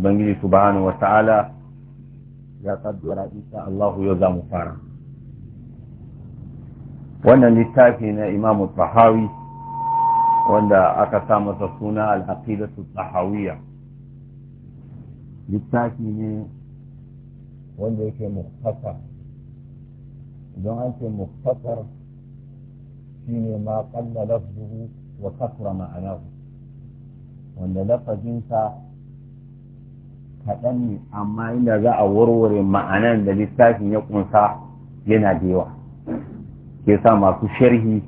ubangiji subhanahu wa ta'ala ya kaddara insha Allah yau za mu fara wannan littafi na imamu tahawi wanda aka sa masa suna al-aqidatu tahawiyya littafi ne wanda yake mukhtasar don an ce shi shine ma qalla lafzuhu wa kasura ma'anahu wanda lafazinsa kaɗan ne amma inda za a warware ma'anan da littafin ya kunsa yana da yawa ke sa masu sharhi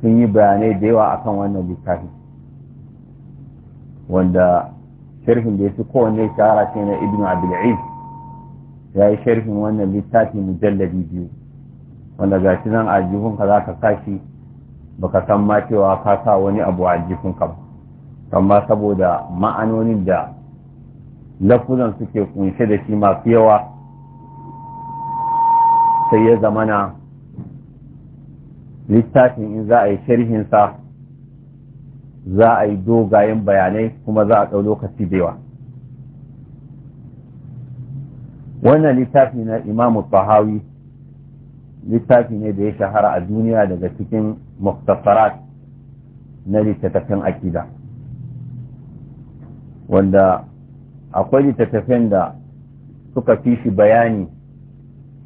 sun yi bayanai da yawa akan wannan littafin wanda sharhin da ya fi kowane shahara ce na ibn abdul'iz ya yi sharhin wannan littafin mujalladi biyu wanda ga shi nan a jihunka za ka kashi baka san ma cewa ka sa wani abu a jikunka ba amma saboda ma'anonin da lafuzan suke kunshe da shi masu yawa sai ya zamana littafin in za a yi sharhinsa za a yi dogayen bayanai kuma za a ɗau lokaci da yawa wannan littafi na imamu tahawi littafi ne da ya shahara a duniya daga cikin muktasarat na littattafin akida wanda akwai littattafan da suka fi shi bayani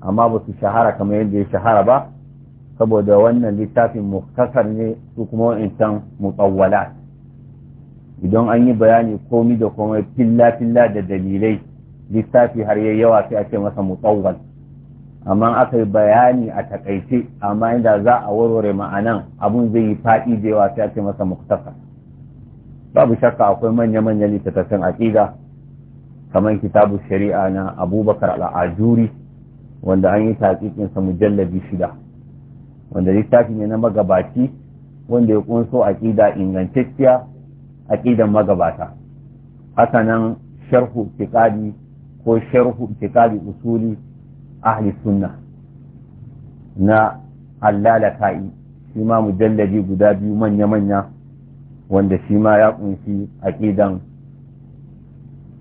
amma ba su shahara kamar yadda ya shahara ba saboda wannan littafin muktasar ne su kuma wa'insan mutsawwala idan an yi bayani komi da komai filla-filla da dalilai littafi har yayi yawa sai a ce masa mutsawwal amma aka yi bayani a takaice amma inda za a warware ma'anan abun zai yi faɗi da yawa sai a ce masa muktasar babu shakka akwai manya-manya littattafan aƙida kamar kitabu shari'a na abubakar al'ajuri wanda an yi sa mujallabi shida wanda littafi ne na magabaci wanda ya ƙunso aƙida ingantacciya aƙidan magabata nan sharhu tiƙadi ko sharhu tiƙadi usuli ahli sunna na allalaka'i shi ma mujallabi guda biyu manya-manya wanda shi ma ya kunshi aqidan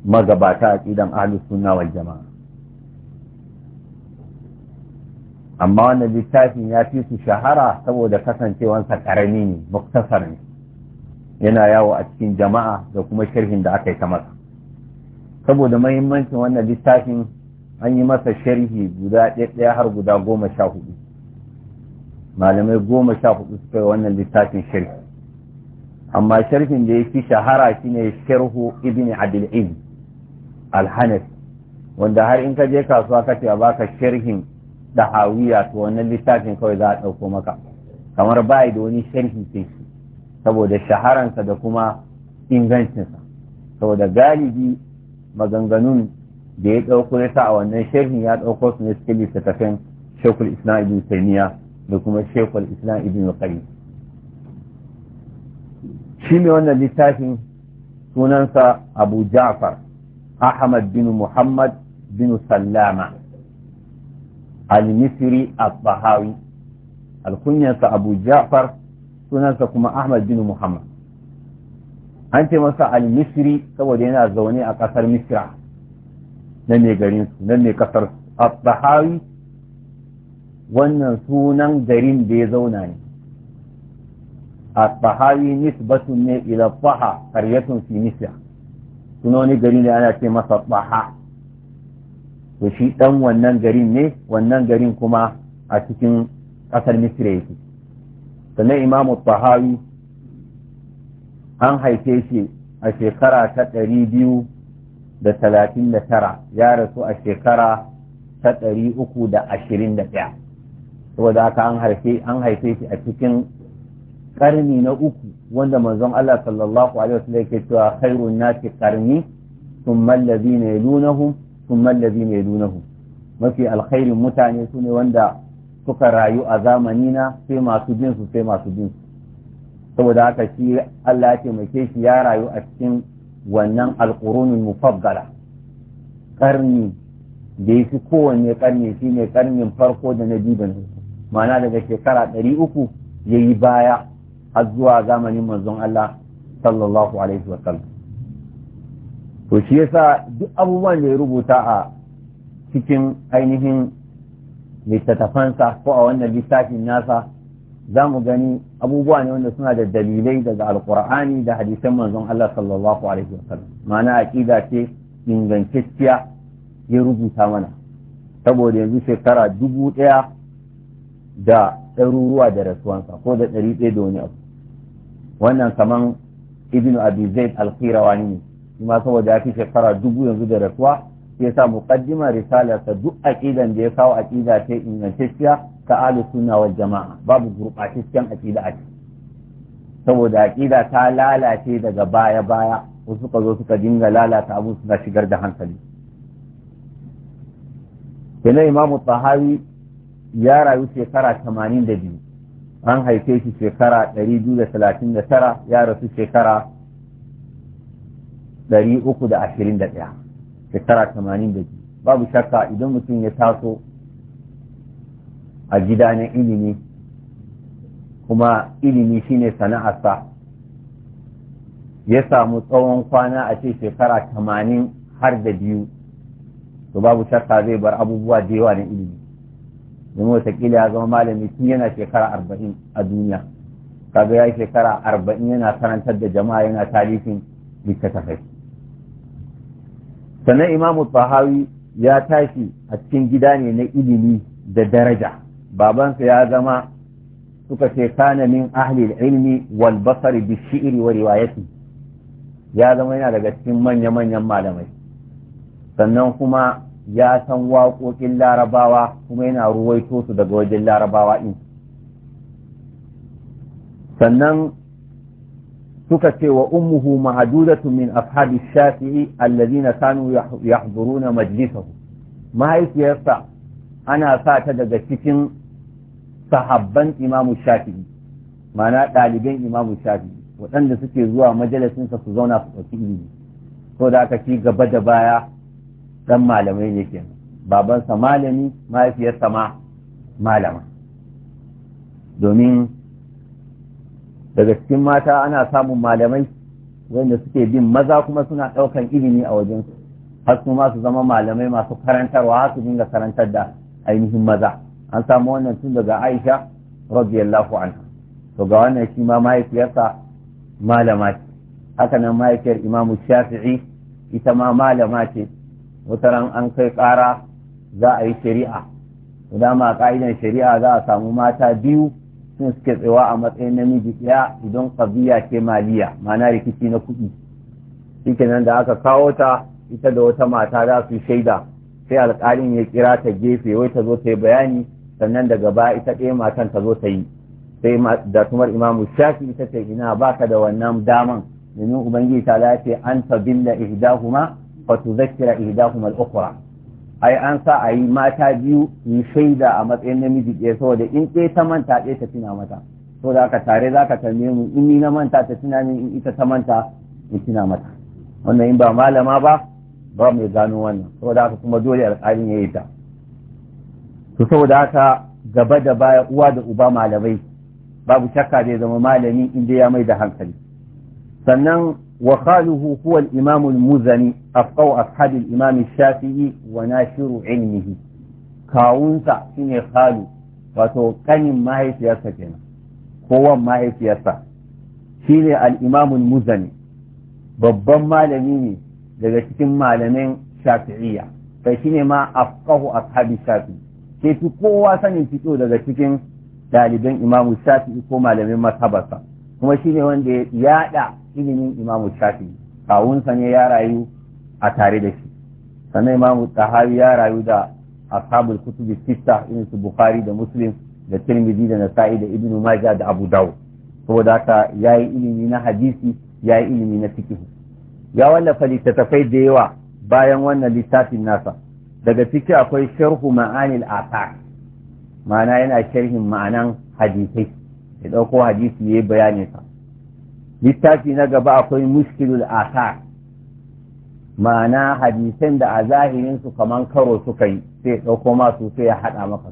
magabata aqidan suna sunna wal jama'a amma wannan littafin ya fi su shahara saboda kasancewansa karami ne muktasar ne yana yawo a cikin jama'a da kuma sharhin da aka yi ta masa saboda mahimmancin wannan littafin an yi masa sharhi guda ɗaya har guda goma sha hudu malamai goma sha hudu suka yi wannan littafin sharhi amma sharhin da ya fi shahara shine sharhu ibn abdul iz wanda har in ka je kasuwa kace a baka sharhin dahawiya to wannan littafin kawai za a ɗauko maka kamar ba da wani sharhi ke shi saboda shaharansa da kuma ingancinsa saboda galibi maganganun da ya ɗauko ya sa a wannan sharhin ya ɗauko su ne cikin littattafin shekul islam ibn taymiya da kuma shekul islam ibn qayyim shi ne wannan littafin sunansa abu ja'far ahmad bin muhammad bin sallama al-misri al-bahawi alkunyarsa abu ja'far sunansa kuma ahmad bin muhammad an ce masa al-misri saboda yana zaune a ƙasar misra na mai garin su na mai ƙasar al-bahawi wannan sunan garin da ya zauna ne at nis nisbatun ne ila faha qaryatun fi Sunani suno ne gari ne ana ce masa taha to shi dan wannan garin ne wannan garin kuma a cikin kasar misra yake sannan imamu tahawi an haife shi a shekara ta ɗari biyu da talatin da tara ya rasu a shekara ta ɗari uku da ashirin da ɗaya saboda haka an an haife shi a cikin karni na uku wanda manzon Allah sallallahu alaihi wasallam yake cewa khairun nasi karni thumma alladhina yalunahum thumma alladhina yalunahum mafi alkhairin mutane ne wanda suka rayu a zamani na sai masu bin su sai masu bin su saboda haka shi Allah ya taimake shi ya rayu a cikin wannan alqurunul mufaddala karni da ya fi kowanne karni shine karnin farko da na biyu da na ma'ana daga shekara ɗari uku ya yi baya har zuwa zamanin manzon Allah sallallahu alaihi wasallam to shi yasa duk abubuwan da ya rubuta a cikin ainihin littattafansa ko a wannan littafin nasa za mu gani abubuwa ne wanda suna da dalilai daga alkur'ani da hadisan manzon Allah sallallahu alaihi wasallam ma'ana aqida ce ingantacciya ya rubuta mana saboda yanzu shekara dubu ɗaya da ɗaruruwa da rasuwansa ko da ɗari ɗaya da wani abu wannan kaman ibn abi zaid al-qirawani kuma saboda ya fi shekara dubu yanzu da rasuwa ya sa muqaddima risalarsa duk aqidan da ya kawo aqida ta ingantacciya ta ahlus sunna wal jama'a babu gurbataccen aqida a saboda aqida ta lalace daga baya baya wasu suka zo suka dinga lalata abu suna shigar da hankali kenan imamu tahawi ya rayu shekara 82 an haife shi shekara 239 ya rasu shekara 321 shekara 82 babu shakka idan mutum ya taso a gida na ilimi kuma ilimi shine sana'arsa ya samu tsawon kwana a ce shekara 80 har da biyu to babu shakka zai bar abubuwa da yawa na ilimi domin watakila ya zama malami tun yana shekara arba'in a duniya kaga ya shekara arba'in yana karantar da jama'a yana tarihin littattafai sannan imamu tahawi ya tashi a cikin gida ne na ilimi da daraja babansa ya zama suka ce kana min ahli ilmi wal basari bi shi'ri wa riwayati ya zama yana daga cikin manya-manyan malamai sannan kuma ya san waƙoƙin larabawa kuma yana ruwaito su daga wajen larabawa in sannan suka ce wa ummuhu mahadudatu min ashabi shafi'i allazina kanu yahduruna majlisahu mahaifiyarsa ana sa ta daga cikin sahabban imamu shafi'i ma'ana ɗaliban imamu shafi'i waɗanda suke zuwa majalisinsa su zauna su ɗauki ilimi ko da aka ci gaba da baya dan malamai ne ke babansa malami mahaifiyarsa ma malama domin daga cikin mata ana samun malamai wanda suke bin maza kuma suna ɗaukan ilimi a wajen har su ma su zama malamai masu karantarwa har su dinga karantar da ainihin maza an samu wannan tun daga aisha radiyallahu anha to ga wannan shi ma mahaifiyarsa malama ce haka nan mahaifiyar imamu shafi'i ita ma malama ce wataran an kai ƙara za a yi shari'a ma ƙa'idar shari'a za a samu mata biyu sun suke tsawa a matsayin namiji ɗaya idan ƙabiya ke maliya ma'ana rikici na kuɗi shikenan da aka kawo ta ita da wata mata za su shaida sai alƙalin ya kira ta gefe wai ta zo ta yi bayani sannan daga baya ita ɗaya matan ta zo ta yi sai da tumar imamu shafi ita ce ina baka da wannan daman domin ubangiji ta lafi an ta billa ihdahuma fatuzakkira ihdahuma al-ukhra ai an sa a yi mata biyu yi shaida a matsayin namiji ɗaya saboda in ɗaya ta manta ɗaya ta tuna mata so aka tare za ka tambaye mu in ni na manta ta tuna min in ita ta manta in tuna mata wannan in ba malama ba ba mai gano wannan saboda haka kuma dole alƙalin ya yi ta to saboda haka gaba da baya uwa da uba malamai babu shakka zai zama malami in dai ya mai da hankali sannan wa khaluhu huwa al-imamul muzani أفقوا أصحاب الإمام الشافعي وناشر علمه kawunsa shine khalu wato kanin mahaifiyarsa kenan kowan mahaifiyarsa shine al-imamul muzani babban malami ne daga cikin malamin shafi'iyya kai shine ma afqahu ashabi shafi ke fi kowa sanin fito daga cikin ɗaliban imamu shafi'i ko malamin mazhabarsa kuma shine wanda ya yada ilimin imamu shafi'i kawunsa ne ya rayu a tare da shi sannan imamu tahawi ya rayu da ashabul kutubi sita irin su bukhari da muslim da tirmidhi da nasa'i da ibnu majah da abu dawud saboda haka yayi ilimi na hadisi yayi ilimi na fiqh ya wallafa littattafai da yawa bayan wannan littafin nasa daga ciki akwai sharhu ma'anil athar ma'ana yana sharhin ma'anan hadisai ya dauko hadisi yayi bayanin sa littafi na gaba akwai mushkilul athar ma'ana hadisan da a zahirin su kaman karo suka yi sai ɗauko masu sai ya haɗa maka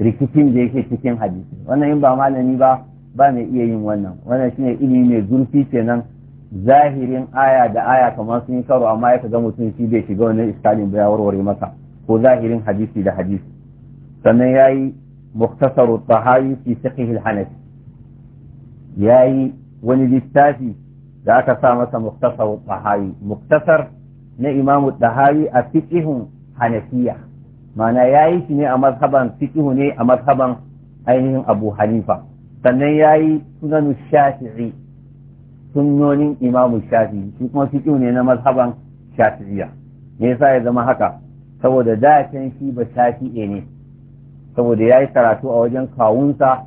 rikicin da yake cikin hadisi wannan in ba malami ba ba mai iya yin wannan wannan shine ilimi mai zurfi kenan zahirin aya da aya kamar sun yi karo amma ya ga mutum shi bai shiga wannan iskalin ba ya warware masa ko zahirin hadisi da hadisi sannan yayi muktasaru tahawi fi fiqh al ya yayi wani littafi da aka sa masa muktasar tahawi muktasar na imamu ɗahari a fiƙihun hanafiya mana ya yi shi ne a mazhaban fiƙihu ne a mazhaban ainihin abu hanifa sannan ya yi sunanu shafi'i sunnonin imamu shafi'i shi kuma fiƙihu ne na mazhaban shafi'iya me yasa ya zama haka saboda da shi ba shafi'e ne saboda ya yi karatu a wajen kawunsa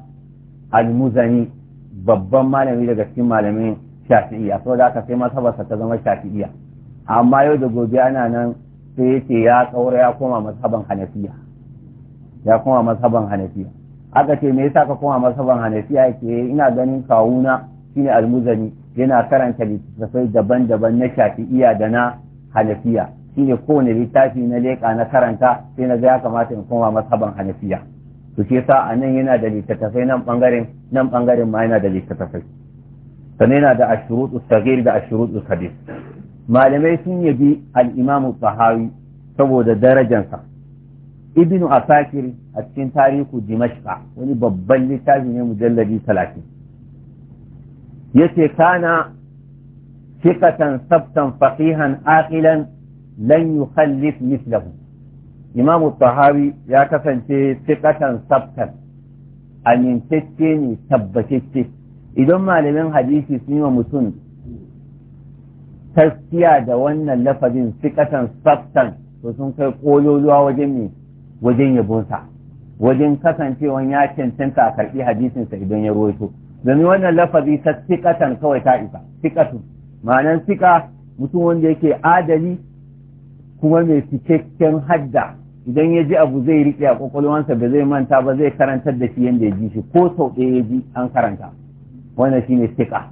almuzani babban malami daga cikin malamin shafi'iya saboda haka sai mazhabarsa ta zama shafi'iya amma yau da gobe ana nan sai yace ya tsaura ya koma mazhaban hanafiya ya koma mazhaban hanafiya aka ce me yasa ka koma mazhaban hanafiya yake ina ganin kawuna shine almuzani yana karanta littattafai daban-daban na shafi'iya da na hanafiya shine kowane littafi na leƙa na karanta sai na ga ya kamata in koma mazhaban hanafiya to shi yasa a nan yana da littattafai nan bangaren nan bangaren ma yana da littattafai sannan yana da ashurutu sagir da ashurutu kabir malamai sun yabi al’imamu sahawi saboda darajansa Ibinu asakir a cikin tarihu dimashka wani babban littafi ne mujallabi talatin ya ce kana fikatan sabtan faqihan aqilan lan yukhallif mislahu imamu sahawi ya kasance fikatan sabtan amintacce ne tabbatacce idan malamin hadisi sun yi wa mutum taskiya da wannan lafazin sikatan saftan to sun kai koyoyuwa wajen ne wajen yabonsa wajen kasancewa ya cancanta a karɓi hadisinsa idan ya ruwaito domin wannan lafazi ta sikatan kawai ta isa sikatu ma'anar sika mutum wanda yake adali kuma mai cikakken hadda idan ya ji abu zai riƙe a ƙwaƙwalwansa ba zai manta ba zai karantar da shi yadda ya ji shi ko sau ɗaya ya ji an karanta wannan shine sika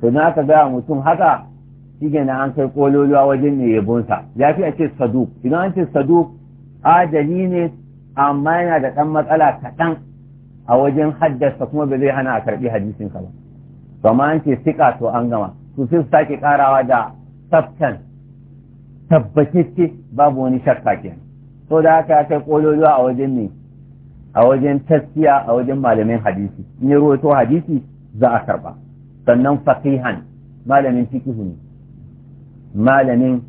to na aka gaya mutum haka shi na an kai kololuwa wajen ne yabonsa ya fi a ce saduk idan an ce saduk adali ne amma yana da ɗan matsala kaɗan a wajen haddasa kuma ba zai hana a karɓi hadisin ka ba to amma an ce sika to an gama Su sai su sake karawa da tsaftan tabbatacce babu wani shakka kenan to da haka ya kai kololuwa a wajen ne a wajen taskiya a wajen malamin hadisi in ya rawaito hadisi za a karɓa sannan faqihan malamin fiqhu ne malamin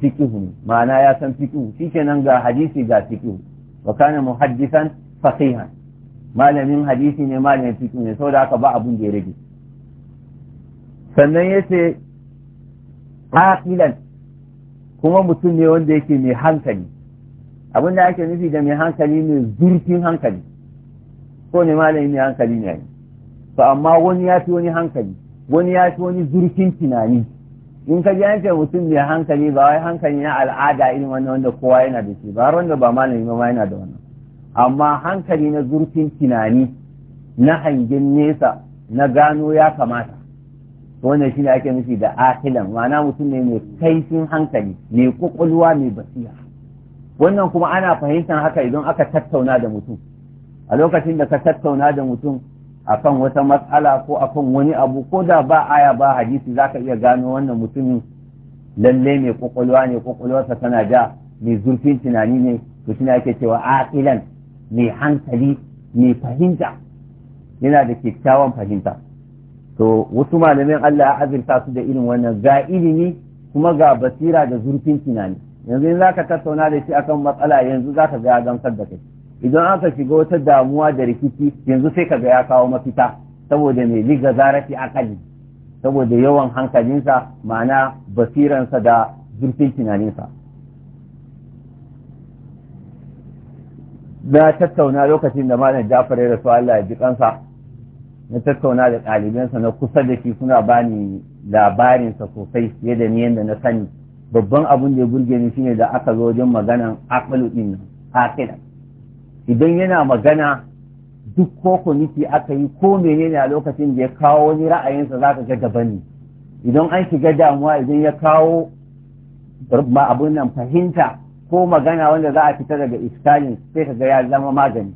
fikihu ma'ana ya san fikihu shikenan ga hadisi ga fikihu wa kana muhaddisan faqihan malamin hadisi ne malamin fikihu ne saboda haka ba abun da ya rage sannan yace aqilan kuma mutum ne wanda yake mai hankali abin da ake nufi da mai hankali ne zurfin hankali ko ne malami mai hankali ne to amma wani ya fi wani hankali wani ya fi wani zurfin tunani in ka ji yanke mutum mai hankali ba wai hankali na al'ada irin wani wanda kowa yana da shi ba wanda ba malami ba yana da wannan amma hankali na zurfin tunani na hangen nesa na gano ya kamata wannan ne ake nufi da akilan ma'ana mutum ne mai kaifin hankali mai kwakwalwa mai basira wannan kuma ana fahimtar haka idan aka tattauna da mutum a lokacin da ka tattauna da mutum akan wata matsala ko akan wani abu ko da ba aya ba hadisi zaka iya gano wannan mutumin lalle mai kwakwalwa ne kwakwalwarsa tana da mai zurfin tunani ne to shi ake cewa aqilan mai hankali mai fahimta yana da kyakkyawan fahimta to wasu malamin Allah ya azurta su da irin wannan ga ilimi kuma ga basira da zurfin tunani yanzu in zaka tattauna da shi akan matsala yanzu zaka ga gamsar da kai idan aka shiga wata damuwa da rikici yanzu sai kaga ya kawo mafita saboda mai liga zarafi akali saboda yawan hankalinsa ma'ana basiransa da zurfin tunaninsa na tattauna lokacin da malam Jafar ya rasu Allah ya ji kansa na tattauna da ɗalibansa na kusa da shi suna ni labarinsa sosai fiye da ni yadda na sani babban abin da ya burge ni shine da aka zo wajen maganan akalu din nan idan yana magana duk ko kwamiti aka yi ko menene a lokacin da ya kawo wani ra'ayinsa za ka ga daban ne idan an shiga damuwa idan ya kawo abin nan fahimta ko magana wanda za a fita daga iskalin sai ka ga ya zama magani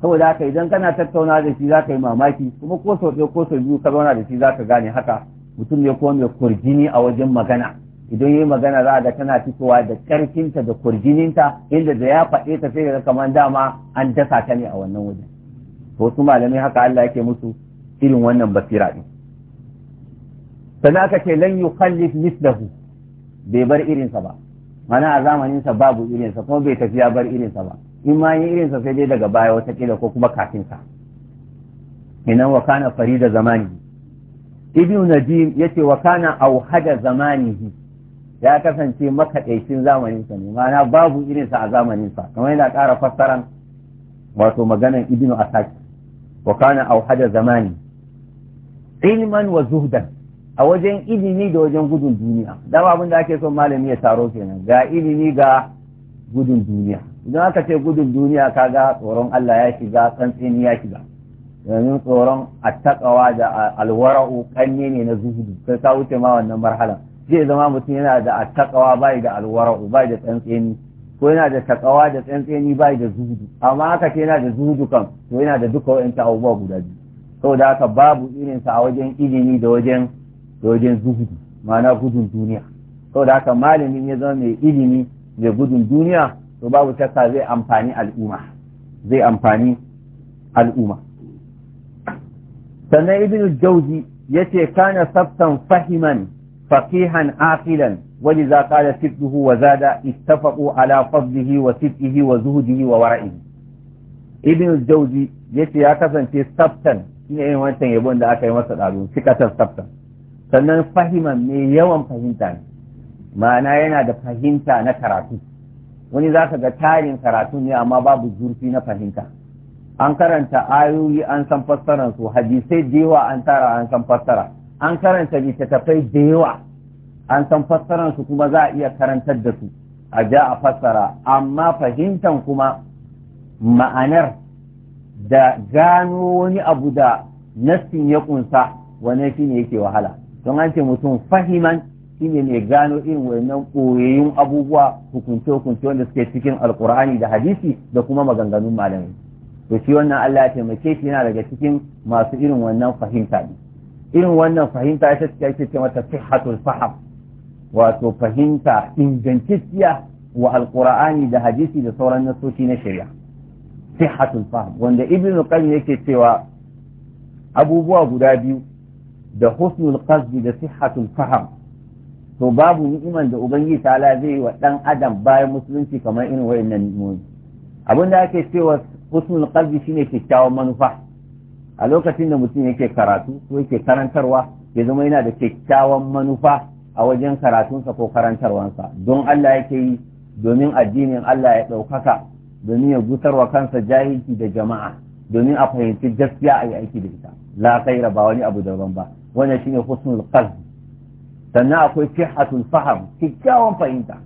saboda haka idan kana tattauna da shi za ka yi mamaki kuma ko sau ɗaya ko sau biyu ka zauna da shi za ka gane haka mutum ne ko mai kurjini a wajen magana idan yi magana za ga tana fitowa da ƙarfinta da kurjininta inda da ya faɗe ta sai da kamar dama an dasa ta ne a wannan wajen to wasu malamai haka Allah yake musu irin wannan basira din sannan aka ce lan yukhallif mislahu bai bar irinsa ba mana a zamaninsa babu irinsa kuma bai tafi ya bar irinsa ba in ma yi irinsa sai dai daga baya wata kila ko kuma kafin sa inan wa kana farida zamani ibnu nadim yace wa kana auhada zamanihi ya kasance makaɗaicin zamaninsa ne ma'ana babu irinsa a zamaninsa kamar yana ƙara fassaran wato maganar ibnu asaki wa kana hada zamani ilman wa zuhdan a wajen ilimi da wajen gudun duniya dama abin da ake so malami ya taro kenan ga ilimi ga gudun duniya idan aka ce gudun duniya kaga tsoron Allah ya shiga tsantseni ya shiga domin tsoron attaqawa da alwara'u kanne ne na zuhudu sai ka wuce ma wannan marhalar zai zama mutum yana da attaqawa bai da alwara'u bai da tsantseni ko yana da takawa da tsantseni bai da zuhudu amma haka ce yana da zuhudu kan to yana da duka wa'in abubuwa guda biyu saboda haka babu irinsa a wajen ilimi da wajen da wajen zuhudu ma'ana gudun duniya saboda haka malamin ya zama mai ilimi mai gudun duniya to babu shakka zai amfani al'umma zai amfani al'umma sannan ibnu jauzi yace kana sabtan fahiman فقيها عاقلا ولذا قال سبته وزاد اتفقوا على فضله وسبته وزهده وورعه ابن الجوزي yace ya kasance sabtan shi ne wancan yabon da aka yi masa ɗaru cikatar sannan fahiman mai yawan fahimta ne ma'ana yana da fahimta na karatu wani za ka ga tarin karatu ne amma babu zurfi na fahimta an karanta ayoyi an san su hadisai jewa an tara an san fassara an karanta littattafai da yawa an san fassarar su kuma za a iya karantar da su a ja a fassara amma fahimtan kuma ma'anar da gano wani abu da nassin ya kunsa wane shine yake wahala don an ce mutum fahiman shine mai gano irin wannan ɓoyayyun abubuwa hukunce-hukunce wanda suke cikin alkur'ani da hadisi da kuma maganganun malamai to shi wannan Allah ya taimake shi yana daga cikin masu irin wannan fahimta ne irin wannan fahimta ita ce ake ce mata sihhatul faham wato fahimta ingantacciya wa alqur'ani da hadisi da sauran nasoshi na shari'a sihhatul faham wanda ibn qayyim yake cewa abubuwa guda biyu da husnul qasdi da sihhatul faham to babu ni'iman da ubangiji ta'ala zai wa dan adam bayan musulunci kamar irin wayannan ni'imomi abinda ake cewa husnul qasdi shine kyakkyawan manufa a lokacin da mutum yake karatu ko yake karantarwa ya zama yana da kyakkyawan manufa a wajen karatunsa ko karantarwansa don Allah yake yi domin addinin Allah ya ɗaukaka domin ya gusarwa kansa jahilci da jama'a domin a fahimci gaskiya a yi aiki da ita la kaira ba wani abu daban ba wannan shine husnul qalb sannan akwai sihhatul faham kyakkyawan fahimta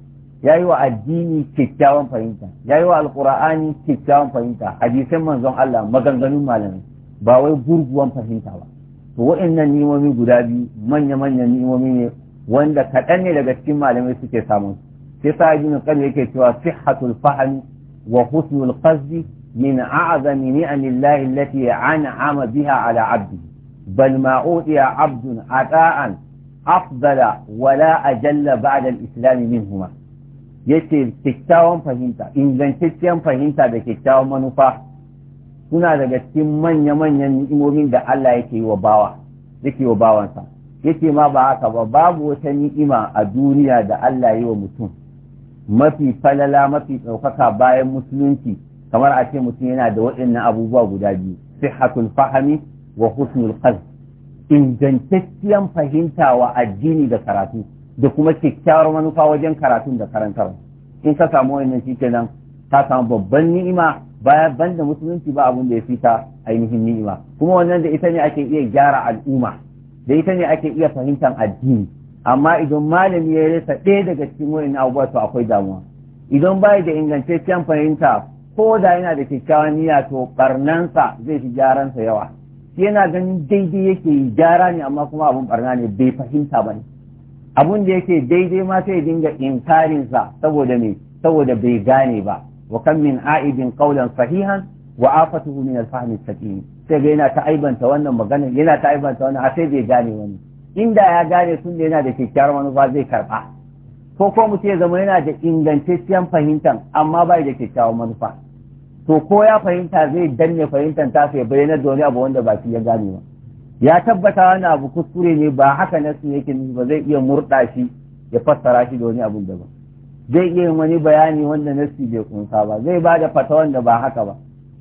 yayi wa addini kyakkyawan fahimta yayi wa alqur'ani kyakkyawan fahimta hadisan manzon Allah maganganun malamai ba wai gurguwan fahimta ba to waɗannan ni'imomi guda biyu manya-manyan ni'imomi ne wanda kaɗan ne daga cikin malamai suke samun sai sa ibn qayyim yake cewa sihhatul fahm wa husnul qasd min a'zami ni'amillahi allati an'ama biha ala 'abdi bal ma utiya 'abdun ata'an afdala wala ajalla ba'da al-islam minhuma yace kyakkyawan fahimta ingantacciyar fahimta da kyakkyawan manufa suna daga cikin manya-manyan ni'imomin da Allah yake yi wa bawa yake wa bawansa yake ma ba haka ba babu wata ni'ima a duniya da Allah yi wa mutum mafi falala mafi ɗaukaka bayan musulunci kamar a ce mutum yana da waɗannan abubuwa guda biyu sihhatul fahmi wa husnul qalb ingantacciyar fahimta wa addini da karatu da kuma kyakkyawar manufa wajen karatun da karantar in ka samu wannan kenan, ka samu babban ni'ima bayan banda musulunci ba abin da ya fita ainihin ni'ima kuma wannan da ita ne ake iya gyara al'umma da ita ne ake iya fahimtar addini amma idan malami ya rasa ɗaya daga cikin wurin abubuwa to akwai damuwa idan bai da ingantaccen fahimta ko da yana da kyakkyawan niyya to barnansa zai fi gyaransa yawa yana ganin daidai yake yi gyara ne amma kuma abin barna ne bai fahimta ba ne abin da yake daidai ma sai dinga inkarinsa saboda me saboda bai gane ba وكم من عائد قولا صحيحا وعافته من الفهم السقيم sai ga yana ta wannan magana, yana ta aibanta wannan a sai bai gane wani inda ya gane tun da yana da kyakkyawar manufa zai karba ko ko mutum ya zama yana da ingantacciyar fahimtar amma bai da kyakkyawar manufa to ko ya fahimta zai danne fahimtar ta sai bayyana na wani abu wanda ba shi ya gane ba ya tabbata wani abu kuskure ne ba haka nasu yake ba zai iya murda shi ya fassara shi da wani abu daban zai iya wani bayani wanda nasi bai kunsa ba zai ba da fata wanda ba haka ba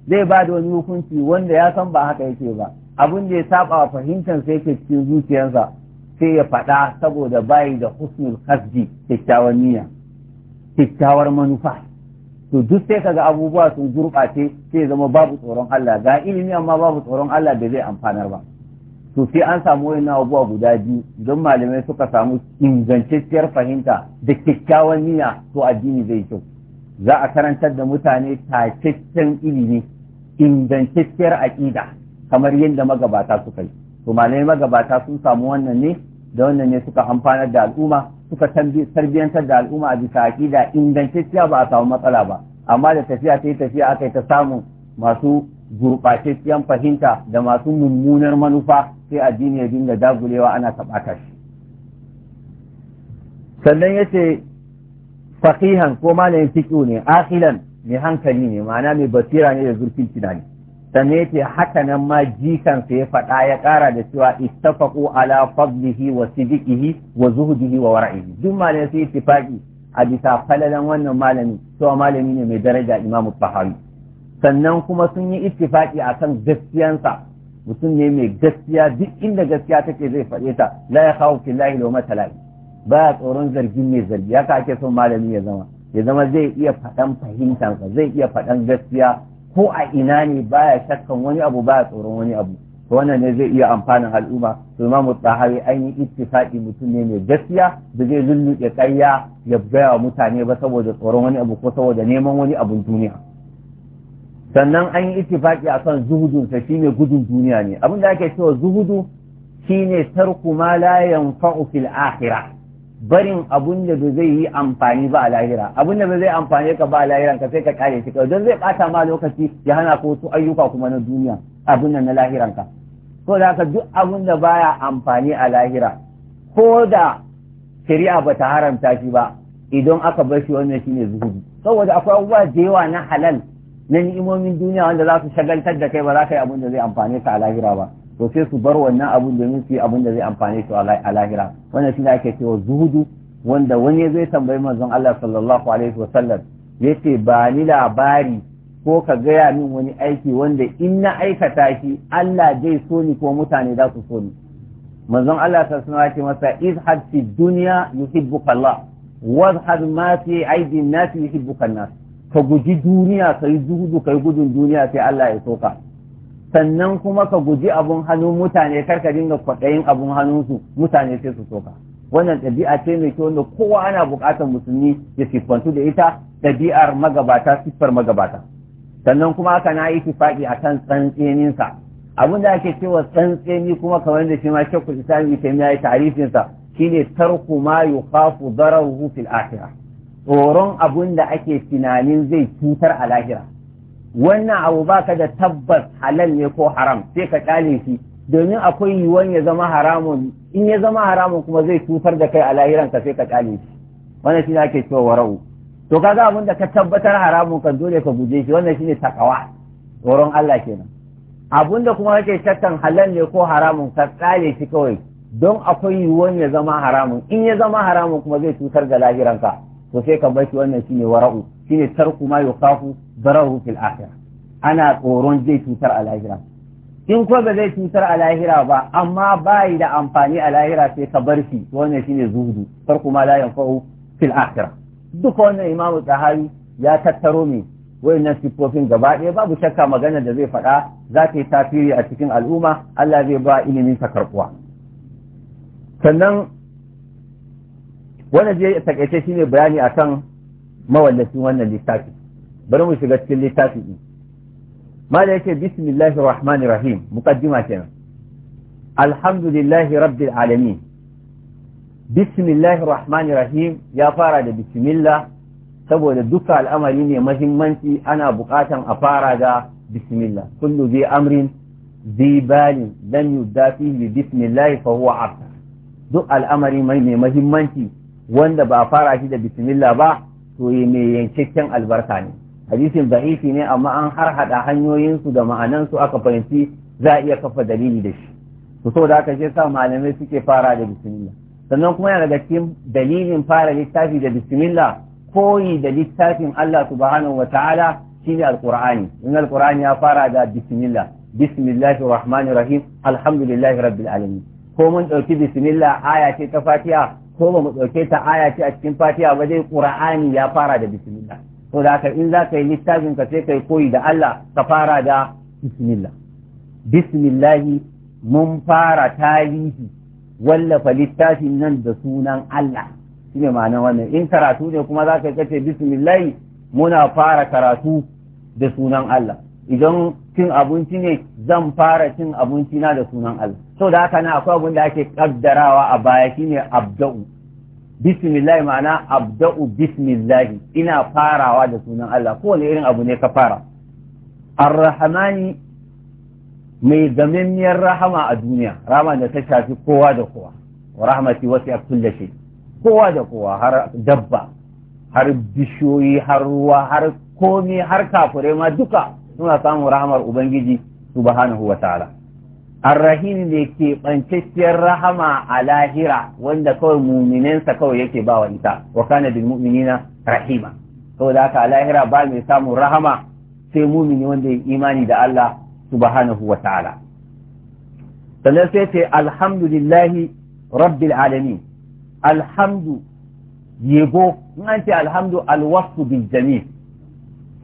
zai ba da wani hukunci wanda ya san ba haka yake ba abin da ya saba wa fahimtar sai ke cikin zuciyarsa sai ya faɗa saboda bayi da husnul hasji kyakkyawar niyya kyakkyawar manufa to duk sai kaga abubuwa sun gurɓace sai zama babu tsoron Allah ga ilimi amma babu tsoron Allah da zai amfanar ba to sai an samu wani abubuwa guda biyu don malamai suka samu ingantacciyar fahimta da kyakkyawan niyya to addini zai kyau za a karantar da mutane tacaccen ilimi ingantacciyar aƙida kamar yadda magabata suka yi to malamai magabata sun samu wannan ne da wannan ne suka amfanar da al'umma suka tarbiyyantar da al'umma a bisa aƙida ingantacciya ba a samu matsala ba amma da tafiya ta yi tafiya aka yi ta samun masu gurɓatacciyar fahimta da masu mummunar manufa sai addini ya dinga dagulewa ana taɓata shi sannan ya ce fahihan ko malamin fiƙo ne akilan mai hankali ne ma'ana mai basira ne da zurfin tunani sannan ya ce haka nan ma jikan ya faɗa ya ƙara da cewa ko ala fadlihi wa sidiqihi wa zuhudihi wa wara'ihi duk malamin sai ittifaqi a bisa falalan wannan malami to malami ne mai daraja imamu tahawi sannan kuma sun yi ittifaki akan gaskiyansa mutum ne mai gaskiya duk inda gaskiya take zai faɗe ta la ya kawo fillahi lauma ba ya tsoron zargin mai zargi haka ake son malami ya zama ya zama zai iya faɗan fahimtansa zai iya faɗan gaskiya ko a ina ne baya shakkan wani abu baya tsoron wani abu to wannan ne zai iya amfanin al'umma to imamu tsahawi an yi ittifaqi mutum ne mai gaskiya da zai lulluɗe ƙarya ya gaya wa mutane ba saboda tsoron wani abu ko saboda neman wani abun duniya sannan an yi ittifaki akan zuhudun sa mai gudun duniya ne abin da ake cewa zuhudu shine tarku ma la yanfa'u fil akhirah barin abun da ba zai yi amfani ba a lahira abun da ba zai amfani ka ba a lahiran ka sai ka kare shi don zai bata ma lokaci ya hana ka wasu ayyuka kuma na duniya abun nan na lahiran ka ko da haka duk abun da baya amfani a lahira ko da shari'a ba ta haramta shi ba idan aka bar shi wannan shine zuhudu saboda akwai abubuwa da yawa na halal na ni'imomin duniya wanda za su shagaltar da kai ba za ka yi abin da zai amfane ka a lahira ba to sai su bar wannan abun domin su yi abin da zai amfane su a lahira wannan shi ne ake cewa zuhudu wanda wani zai tambayi manzon Allah sallallahu alaihi wa sallam yace ba ni labari ko ka gaya min wani aiki wanda in na aikata shi Allah zai so ni ko mutane za su so ni manzon Allah sallallahu alaihi wa sallam ya ce masa izhad fi dunya yuhibbuka Allah wadhhad ma fi aidin nas yuhibbuka nas ka guji duniya ka yi gudu ka yi gudun duniya sai Allah ya soka sannan kuma ka guji abun hannun mutane karka dinga kwaɗayin abun hannunsu mutane sai su soka wannan ɗabi'a ce mai kyau wanda kowa ana buƙatar musulmi ya siffantu da ita ɗabi'ar magabata siffar magabata sannan kuma haka na yi tifaƙi a kan tsantseninsa abin da ake cewa tsantseni kuma kamar da shi ma shekul isa ibn ya yi tarifinsa shine tarku ma yukhafu dararuhu fil akhirah tsoron abun da ake tunanin zai cutar a lahira wannan abu baka da tabbas halal ne ko haram sai ka kyale shi domin akwai yiwuwar ya zama haramun in ya zama haramun kuma zai cutar da kai a lahiran ka sai ka kyale shi wannan ne ake cewa wara'u to kaga abin da ka tabbatar haramun ka dole ka guje shi wannan shine takawa tsoron Allah kenan abun da kuma kake shakkan halal ne ko haramun ka kyale shi kawai don akwai yiwuwar ya zama haramun in ya zama haramun kuma zai cutar da lahiranka to sai ka bar shi wannan shine wara'u shine tarku ma yuqafu dararu fil akhirah ana tsoron zai cutar a lahira in ko ba zai cutar a lahira ba amma bai da amfani a lahira sai ka bar shi wannan shine zuhudu tarku ma la yanfa'u fil akhirah duka wannan ya tattaro mai wayannan siffofin gaba ɗaya babu shakka magana da zai faɗa za ta yi tasiri a cikin al'umma Allah zai ba ilimin sa sannan wannan je takaice ne bayani akan mawallafin wannan littafi bari mu shiga cikin littafi din mala yake bismillahir rahmanir rahim muqaddima kenan alhamdulillahi rabbil alamin bismillahir rahmanir rahim ya fara da bismillah saboda duka al'amari ne mahimmanci ana bukatan a fara da bismillah kullu bi amrin bi balin dan yudafi bi bismillah fa huwa abd duk al'amari mai mahimmanci wanda ba a fara shi da bismillah ba to mai yankakken albarka ne hadisin da'ifi ne amma an har hada hanyoyinsu da ma'anansu aka fahimci za a iya kafa dalili da shi to da aka ce sa malamai suke fara da bismillah sannan kuma yana daga cikin dalilin fara littafi da bismillah koyi da littafin Allah subhanahu wataala shine alqur'ani in alqur'ani ya fara da bismillah bismillahir rahmanir rahim alhamdulillahi rabbil alamin ko mun dauki bismillah aya ce ta fatiha ko ba mu ɗauke ta aya ce a cikin fatiha ba dai qur'ani ya fara da bismillah to da haka in za ka yi littafin ka sai kai koyi da Allah ka fara da bismillah bismillahi mun fara tarihi wallafa littafin nan da sunan Allah ne ma'ana wannan in karatu ne kuma za ka kace bismillahi muna fara karatu da sunan Allah idan cin abinci ne zan fara cin abinci na da sunan Allah so da haka na akwai abin da ake kaddarawa a baya shine abda'u bismillah ma'ana abda'u bismillah ina farawa da sunan Allah kowane irin abu ne ka fara arrahmani mai gamammiyar rahama a duniya rahama da ta shafi kowa da kowa wa rahmati wasi a kullashi kowa da kowa har dabba har bishiyoyi har ruwa har komi har kafurai ma duka suna samun rahamar ubangiji subhanahu wa ta'ala arrahim ne ke ɓancacciyar rahama a lahira wanda kawai muminansa kawai yake bawa ita wakana kana bil mu'minina rahima saboda haka a lahira ba mai samun rahama sai mumini wanda ya imani da Allah subhanahu wa ta'ala sannan sai ce alhamdulillahi rabbil alamin alhamdu yebo in an ce alhamdu alwasu bil jamil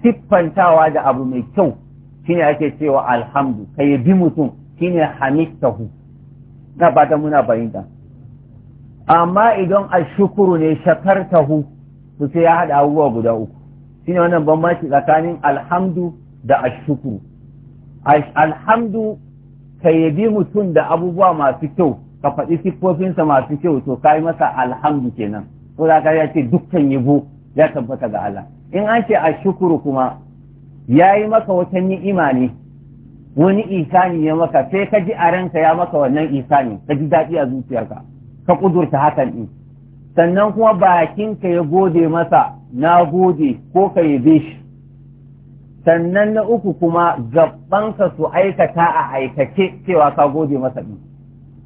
siffantawa da abu mai kyau shine ake cewa alhamdu ka bi mutum shine hamittahu na fata muna fahimta amma idan a shukuru ne shakartahu to sai ya haɗa abubuwa guda uku shine wannan bambanci tsakanin alhamdu da ashukuru alhamdu ka yabi mutum da abubuwa masu kyau ka faɗi siffofinsa masu kyau to ka masa alhamdu kenan ko za ka ya ce dukkan yabo ya tabbata ga Allah in an ce ashukuru kuma ya yi maka wata ni'ima ne wani isani ya maka sai ka ji a ranka ya maka wannan isani ka ji daɗi a zuciyarka ka kudurta hakan din sannan kuma bakinka ya gode masa na gode ko ka yabe shi sannan na uku kuma ka su aikata a aikace cewa ka gode masa ɗin.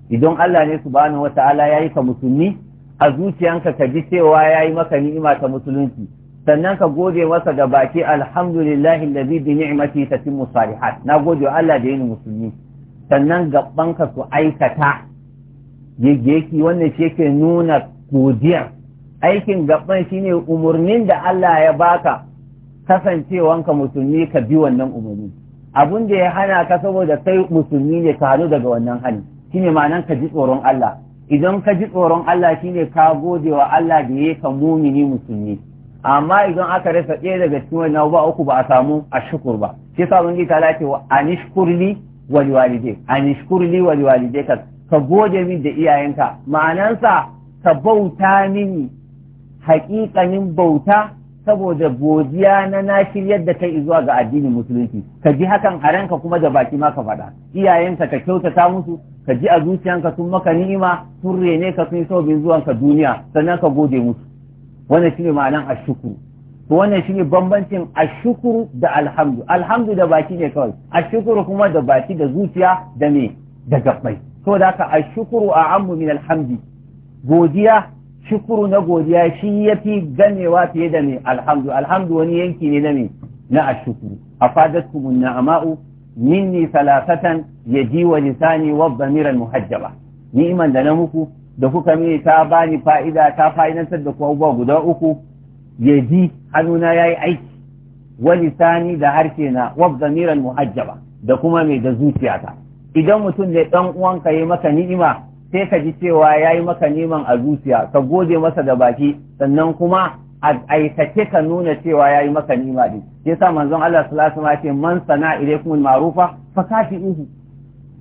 idan Allah ne subhanahu wata'ala ya yi ka musulmi a zuciyanka ka ji cewa ya yi maka ni'ima ta musulunci sannan ka gode masa da baki alhamdulillahi allazi bi ni'mati tatimmu salihat na gode wa Allah da yin musulmi sannan gaban ka su aikata yake wannan shi yake nuna godiya aikin gaban shine umurnin da Allah ya baka kasancewanka musulmi ka bi wannan umurni abun da ya hana ka saboda sai musulmi ne ka hannu daga wannan hali shine ma'anan ka ji tsoron Allah idan ka ji tsoron Allah shine ka gode wa Allah da ya ka mumini musulmi amma idan aka rasa ɗaya daga cikin wani abu ba uku ba a samu a shukur ba shi sa mun ta lace wa anishkurli wal walidai anishkurli wal walidai ka ka gode min da iyayenka ma'anansa ka bauta mini haƙiƙanin bauta saboda godiya na na shiryar da kai zuwa ga addinin musulunci ka ji hakan a ranka kuma da baki ma ka faɗa iyayenka ka kyautata musu ka ji a zuciyanka sun maka ni'ima sun rene ka sun yi sauƙin zuwanka duniya sannan ka gode musu wannan shine ma'anan ashukuru to wannan shine bambancin ashukuru da alhamdu alhamdu da baki ne kawai ashukuru kuma da baki da zuciya da me da gabbai to da ka ashukuru a ammu min alhamdi godiya shukuru na godiya shi yafi ganewa fiye da me alhamdu alhamdu wani yanki ne na me na ashukuru afadatkum an minni salasatan yaji wa lisani wa dhamiran muhajjaba ni'iman da na muku da kuka mini ta bani fa'ida ta fa'idantar da kuma abubuwa guda uku ya ji hannuna ya yi aiki wani sani da harshe na wabda miran muhajjaba da kuma mai da zuciyata idan mutum ne ɗan uwanka ya maka ni'ima sai ka ji cewa ya yi maka neman a zuciya ka gode masa da baki sannan kuma a aikace ka nuna cewa ya yi maka ni'ima din sa manzon Allah sallallahu alaihi wasallam ce man sana'a ilaykum ma'rufa fa uhu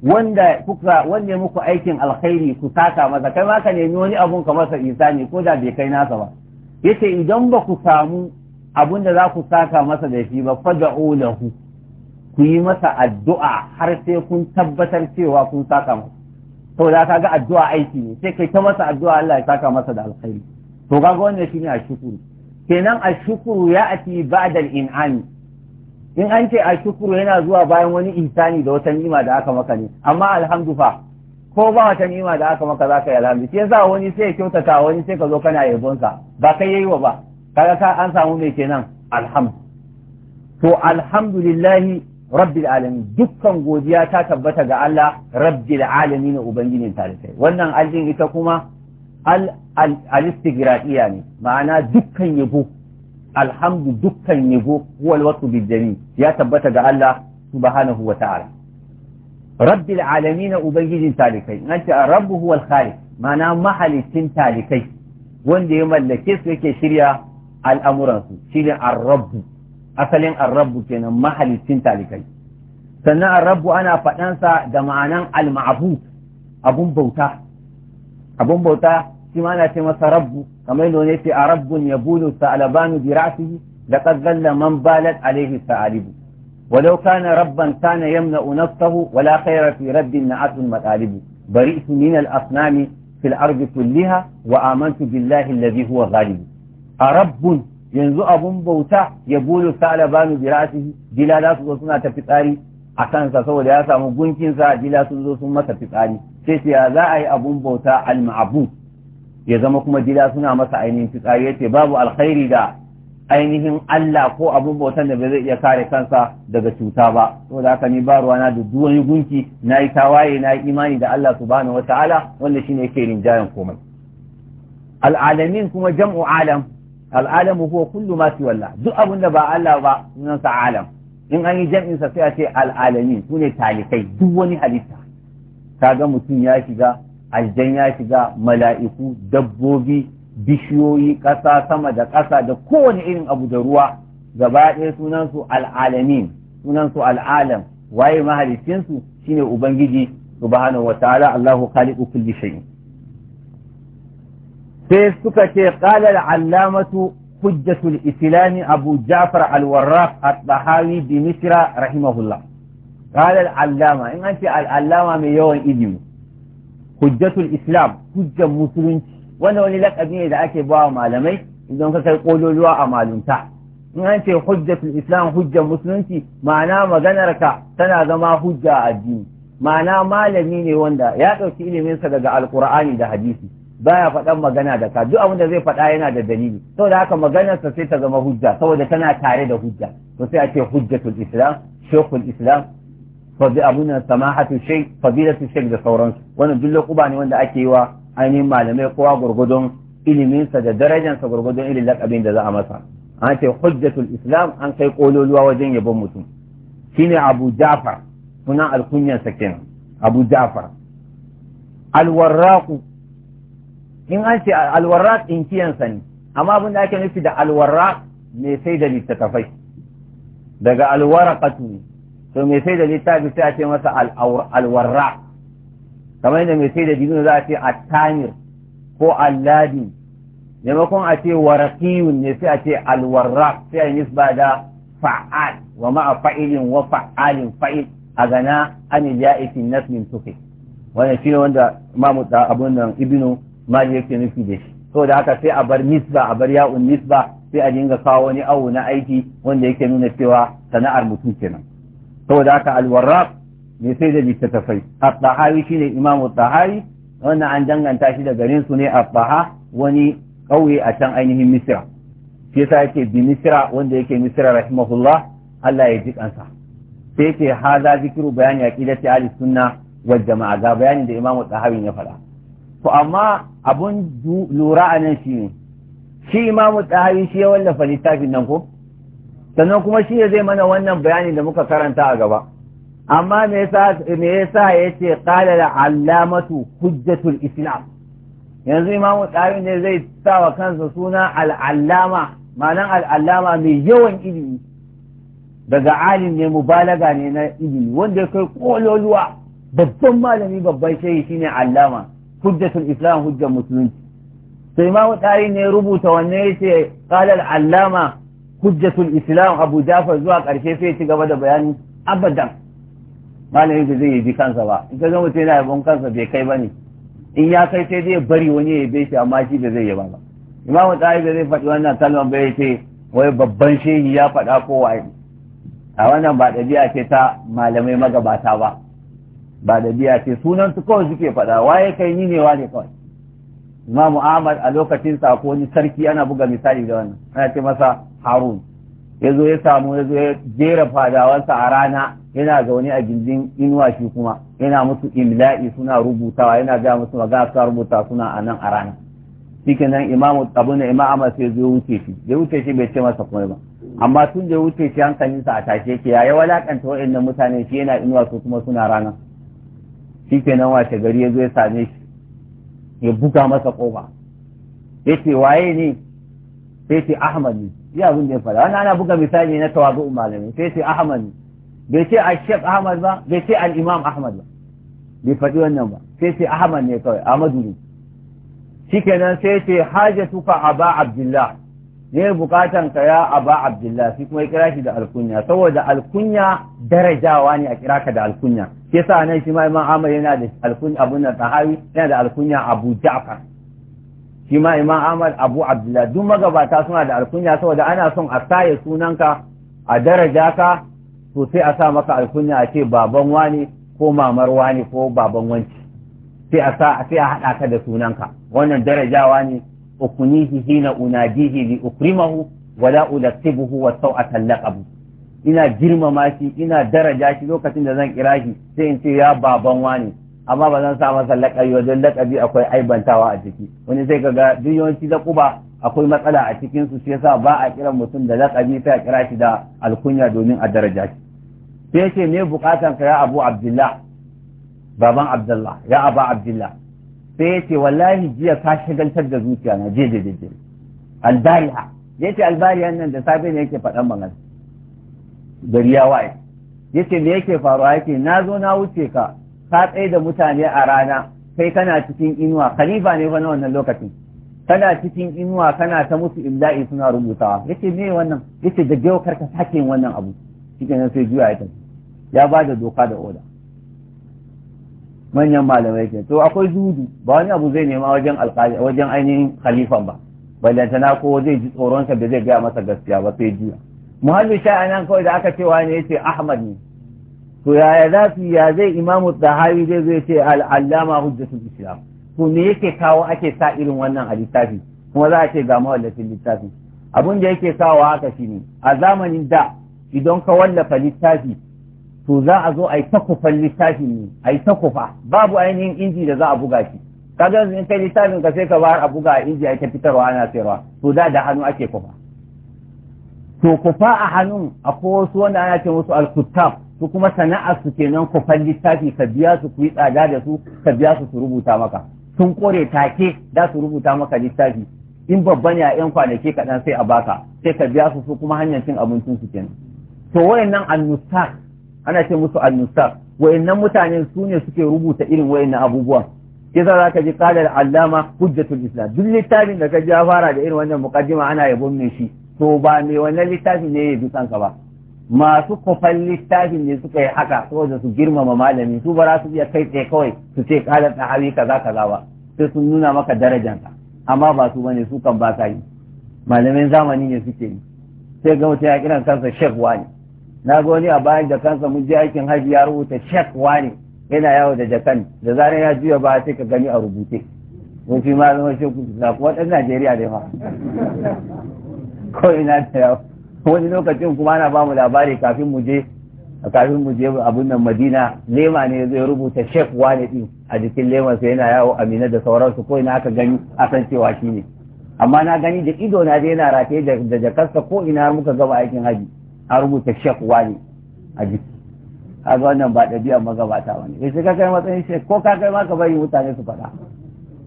wanda kuka wanne muku aikin alkhairi ku saka masa kai ma ka nemi wani abun ka masa ne ko da bai kai nasa ba yace idan ba ku samu abun da za ku saka masa da shi ba da lahu ku yi masa addu'a har sai kun tabbatar cewa kun saka masa saboda kaga addu'a aiki ne sai kai ta masa addu'a Allah ya saka masa da alkhairi to kaga wannan shine shukuru. kenan shukuru ya ati ba'da al-in'ami in an ce a yana zuwa bayan wani insani da wata ni'ima da aka maka ne amma alhamdu fa ko ba wata ni'ima da aka maka zaka yi alhamdu shi yasa wani sai ya kyautata wani sai ka zo kana yabon sa ba kai yayi wa ba kaga ka an samu me kenan alhamdu to alhamdulillahi rabbil alamin dukkan godiya ta tabbata ga Allah rabbil alamin ubangijin talibai wannan aljin ita kuma al al ne ma'ana dukkan yabo alhamdu dukkan yabo huwal wasu bijjani ya tabbata ga Allah subhanahu wa ta'ala rabbil alamin ubangijin talikai nan ce rabbu huwal khaliq ma'ana mahalicin talikai wanda ya mallake su yake shirya al'amuran su shine ar-rabb asalin ar-rabb kenan mahalicin talikai sannan ar rabbu ana faɗansa da ma'anan al-ma'bud abun bauta abun bauta shi na ana masa rabbu kamar yadda wani ya ce a rabbun ya bulu sa'alabanu bi ra'sihi da qaddalla man balat alaihi sa'alibu walau kana rabban kana yamna'u nafsahu wala khayra fi rabbin na'atun matalibu bari'tu min al-asnami fi al-ard kulliha wa amantu billahi alladhi huwa a rabbun yanzu abun bauta ya bulu sa'alabanu bi ra'sihi dilala su suna tafi tsari a kansa saboda ya samu gunkinsa dilala sun zo sun masa fitsari sai ce za a yi abun bauta al ya zama kuma gida suna masa ainihin fitsari ce babu alkhairi da ainihin Allah ko abun bautan da ba zai iya kare kansa daga cuta ba to da haka ni ba ruwana da duk gunki na yi tawaye yi imani da Allah subhanahu wataala wanda ne yake rinjayen komai al'alamin kuma jam'u alam al'alamu huwa kullu ma walla duk abin da ba Allah ba sunansa alam in an yi jam'in sa sai a ce al'alamin su ne talikai duk wani halitta kaga mutum ya shiga aljan ya shiga mala'iku dabbobi bishiyoyi ƙasa sama da ƙasa da kowane irin abu da ruwa gaba ɗaya sunansu al'alamin sunansu al'alam waye mahalicinsu shine ubangiji subhanahu wataala Allahu khaliqu kulli shay'in sai suka ce qala al-allamatu hujjatul islami abu ja'far al-warraq at bi misra rahimahullah qala al-allama in an ce al mai yawan ilimi hujjatul islam hujjan musulunci wanda wani lakabi ne da ake bawa malamai idan ka kai kololuwa a malunta in an ce hujjatul islam hujjan musulunci ma'ana maganarka tana zama hujja a addini ma'ana malami ne wanda ya ɗauki iliminsa daga alkur'ani da hadisi baya faɗan magana da ka duk abin da zai faɗa yana da dalili saboda haka maganarsa sai ta zama hujja saboda tana tare da hujja to sai a ce hujjatul islam shekul islam abun samahatu shay fadilatu shay da sauransu wannan duk lokuba ne wanda ake yi wa ainihin malamai kowa gurgudun iliminsa da darajansa gurgudun irin lakabin da za a masa an ce hujjatul islam an kai kololuwa wajen yabon mutum shine abu jafar sunan alkunyansa kenan abu jafar alwarraku in an ce alwarraq in sa ne amma abin da ake nufi da alwarraq mai sai da littattafai daga alwarakatu ne to mai sai da littafi sai a ce masa alwarra kamar yadda mai sai da dibino za a ce attamir ko alladi maimakon a ce warakiyun ne sai a ce alwarra sai a nisba da fa'al wa ma'a fa'ilin wa fa'alin fa'il a gana an ja'ifin nas min tufi wannan ne wanda mamuta da abun nan ibnu mali yake nufi da shi da haka sai a bar nisba a bar ya'un nisba sai a dinga kawo wani awo na aiki wanda yake nuna cewa sana'ar mutum kenan saboda haka alwarraq ne sai da littattafai at-tahawi shine imam at-tahawi wannan an danganta shi da garin su ne a taha wani kauye a can ainihin misira shi yasa yake bi misira wanda yake misira rahimahullah Allah ya ji kansa sai yake haza zikiru bayani aqidati ali sunna wa jama'a ga bayani da imamu at-tahawi ya faɗa to amma abun lura a nan shi ne shi imamu at-tahawi shi ya wallafa littafin nan ko sannan kuma shi zai mana wannan bayani da muka karanta a gaba amma me yasa ya ce yace qala la allamatu hujjatul islam yanzu imamu tsari ne zai sa wa kansa suna al'allama ma'anan al'allama mai yawan ilimi daga alim ne mubalaga ne na ilimi wanda ya kai kololuwa babban malami babban shehi shine allama hujjatul islam hujjar musulunci sai imamu tsari ne rubuta wanne yace qala al'allama hujjatul islam abu jafar zuwa ƙarshe sai ci gaba da bayani abadan malami da zai yabi kansa ba in ka zama yana yabon kansa bai kai ba ne in ya kai sai zai bari wani ya yabe shi amma shi da zai yaba ba imam tsari da zai faɗi wannan kalman bai ce wai babban shehi ya faɗa ko waye a wannan ba ɗabi'a ce ta malamai magabata ba ba ɗabi'a ce sunan su kawai suke faɗa waye kai ni ne wane kawai imamu ahmad a lokacin sa ko wani sarki ana buga misali da wannan ana ce masa harun ya zo ya samu ya zo ya jera fadawansa a rana yana zaune a gindin inuwa shi kuma yana musu imla'i suna rubutawa yana ga musu magana suna rubuta suna a nan a rana shike nan imamu abun da imam ahmad sai zo wuce shi ya wuce shi bai ce masa komai ba amma tun da wuce shi hankalinsa a tashe yake ya walakanta waɗannan mutane shi yana inuwa su kuma suna rana shike nan washe gari ya zo ya same shi ya buga masa kofa ya ce waye ne sai ce ahmad ne ya abin da ya faɗa wani ana buga misali na tawazu malami sai ce ahmad ne bai ce a ashek ahmad ba bai ce al-imam ahmad ba bai faɗi wannan ba sai ce ahmad ne kawai ahmadu ne shikenan sai ce hajatuka aba abdullah ne bukatan ka ya aba Abdullahi, shi kuma ya kira shi da alkunya saboda alkunya darajawa ne a kira ka da alkunya ke sa nan shi ma imam ahmad yana da alkunya abu na sahabi yana da alkunya abu ja'far shi ma imam ahmad abu Abdullahi. duk magabata suna da alkunya saboda ana son a saye sunanka a daraja ka to sai a sa maka alkunya a ce baban wani ko mamar wani ko baban wanci sai a sa sai a haɗa ka da sunanka wannan darajawa ne ukunihi hina unadihi li ukrimahu wala ulaqtibuhu wa sau'atan laqabu ina girmama shi ina daraja shi lokacin da zan kira shi sai in ce ya baban wani amma ba zan sa masa laƙabi wajen laƙabi akwai aibantawa a ciki wani sai ka ga duk yawanci da kuba akwai matsala a cikin su yasa ba a kiran mutum da laƙabi sai a kira shi da alkunya domin a daraja shi sai ce ne bukatan ka ya abu abdullah baban abdullah ya aba abdullah sai ya ce wallahi jiya ka shagaltar da zuciya na je je je albariha ya ce albariya nan da safe ne yake faɗan magana gari ya waye ya ce me yake faruwa yake na zo na wuce ka ka tsaye da mutane a rana kai kana cikin inuwa khalifa ne fa na wannan lokacin kana cikin inuwa kana ta musu illa'i suna rubutawa Ya ce me wannan Ya ce da yau karka sake wannan abu cikin sai juya ya tafi ya ba da doka da oda manyan malamai ke to akwai zudu ba wani abu zai nema wajen alƙali wajen ainihin khalifan ba ballantana ko zai ji tsoronsa da zai gaya masa gaskiya ba sai jiya muhallu sha kawai da aka cewa ne yace ahmad ne to yaya za su ya zai imamu tahawi zai zai ce al'allama hujjatul islam to me yake kawo ake sa irin wannan a littafi kuma za a ce ga mawallafin littafi abin da yake kawo haka shine a zamanin da idan ka wallafa littafi to za a zo a yi takufan littafin ne a yi takufa babu ainihin inji da za a buga shi kaga yanzu in kai littafin ka sai ka bayar a buga a inji a yi ta fitarwa ana sayarwa to da da hannu ake kufa to kufa a hannun akwai wasu wanda ana ce musu alkutab su kuma sana'a su nan kufan littafi ka biya su ku yi tsada da su ka biya su su rubuta maka sun kore take da su rubuta maka littafi in babba ne a yan kwanaki kaɗan sai a baka sai ka biya su su kuma hanyar cin abincin su kenan to wayannan annusak ana ce musu annusar wayannan mutane su ne suke rubuta irin wayannan abubuwan kisa za ka ji kalar allama hujjatul islam duk littafin da ka ji fara da irin wannan mukaddima ana yabon mai shi to ba mai wannan littafin ne ya bi kanka ba masu kufan littafin ne suka yi haka saboda su girmama malami su ba za su iya kai tsaye kawai su ce kalar sahabi kaza kaza ba sai sun nuna maka darajanka amma ba su bane su kan ba sa yi malamin zamani ne suke yi sai ga mutum ya kiran kansa shek wani na ga wani a bayan jakansa mun je aikin hajji ya rubuta shek wani yana yawo da jakan da zarar ya juya ba sai ka gani a rubuce mun fi ma zama shi na kuma ɗan najeriya dai ma ko ina da yawo wani lokacin kuma ana bamu labari kafin mu je kafin mu je abun nan madina lema ne zai rubuta shek wani din a jikin leman sai yana yawo amina da sauransu ko ina aka gani a san cewa shi ne amma na gani da ido na je yana rataye da jakarsa ko ina muka gaba aikin hajji a rubuta shek wani a jiki kaga wannan ba ɗabi'ar magabata ba ne sai ka kai matsayin shek ko ka kai maka ka mutane su faɗa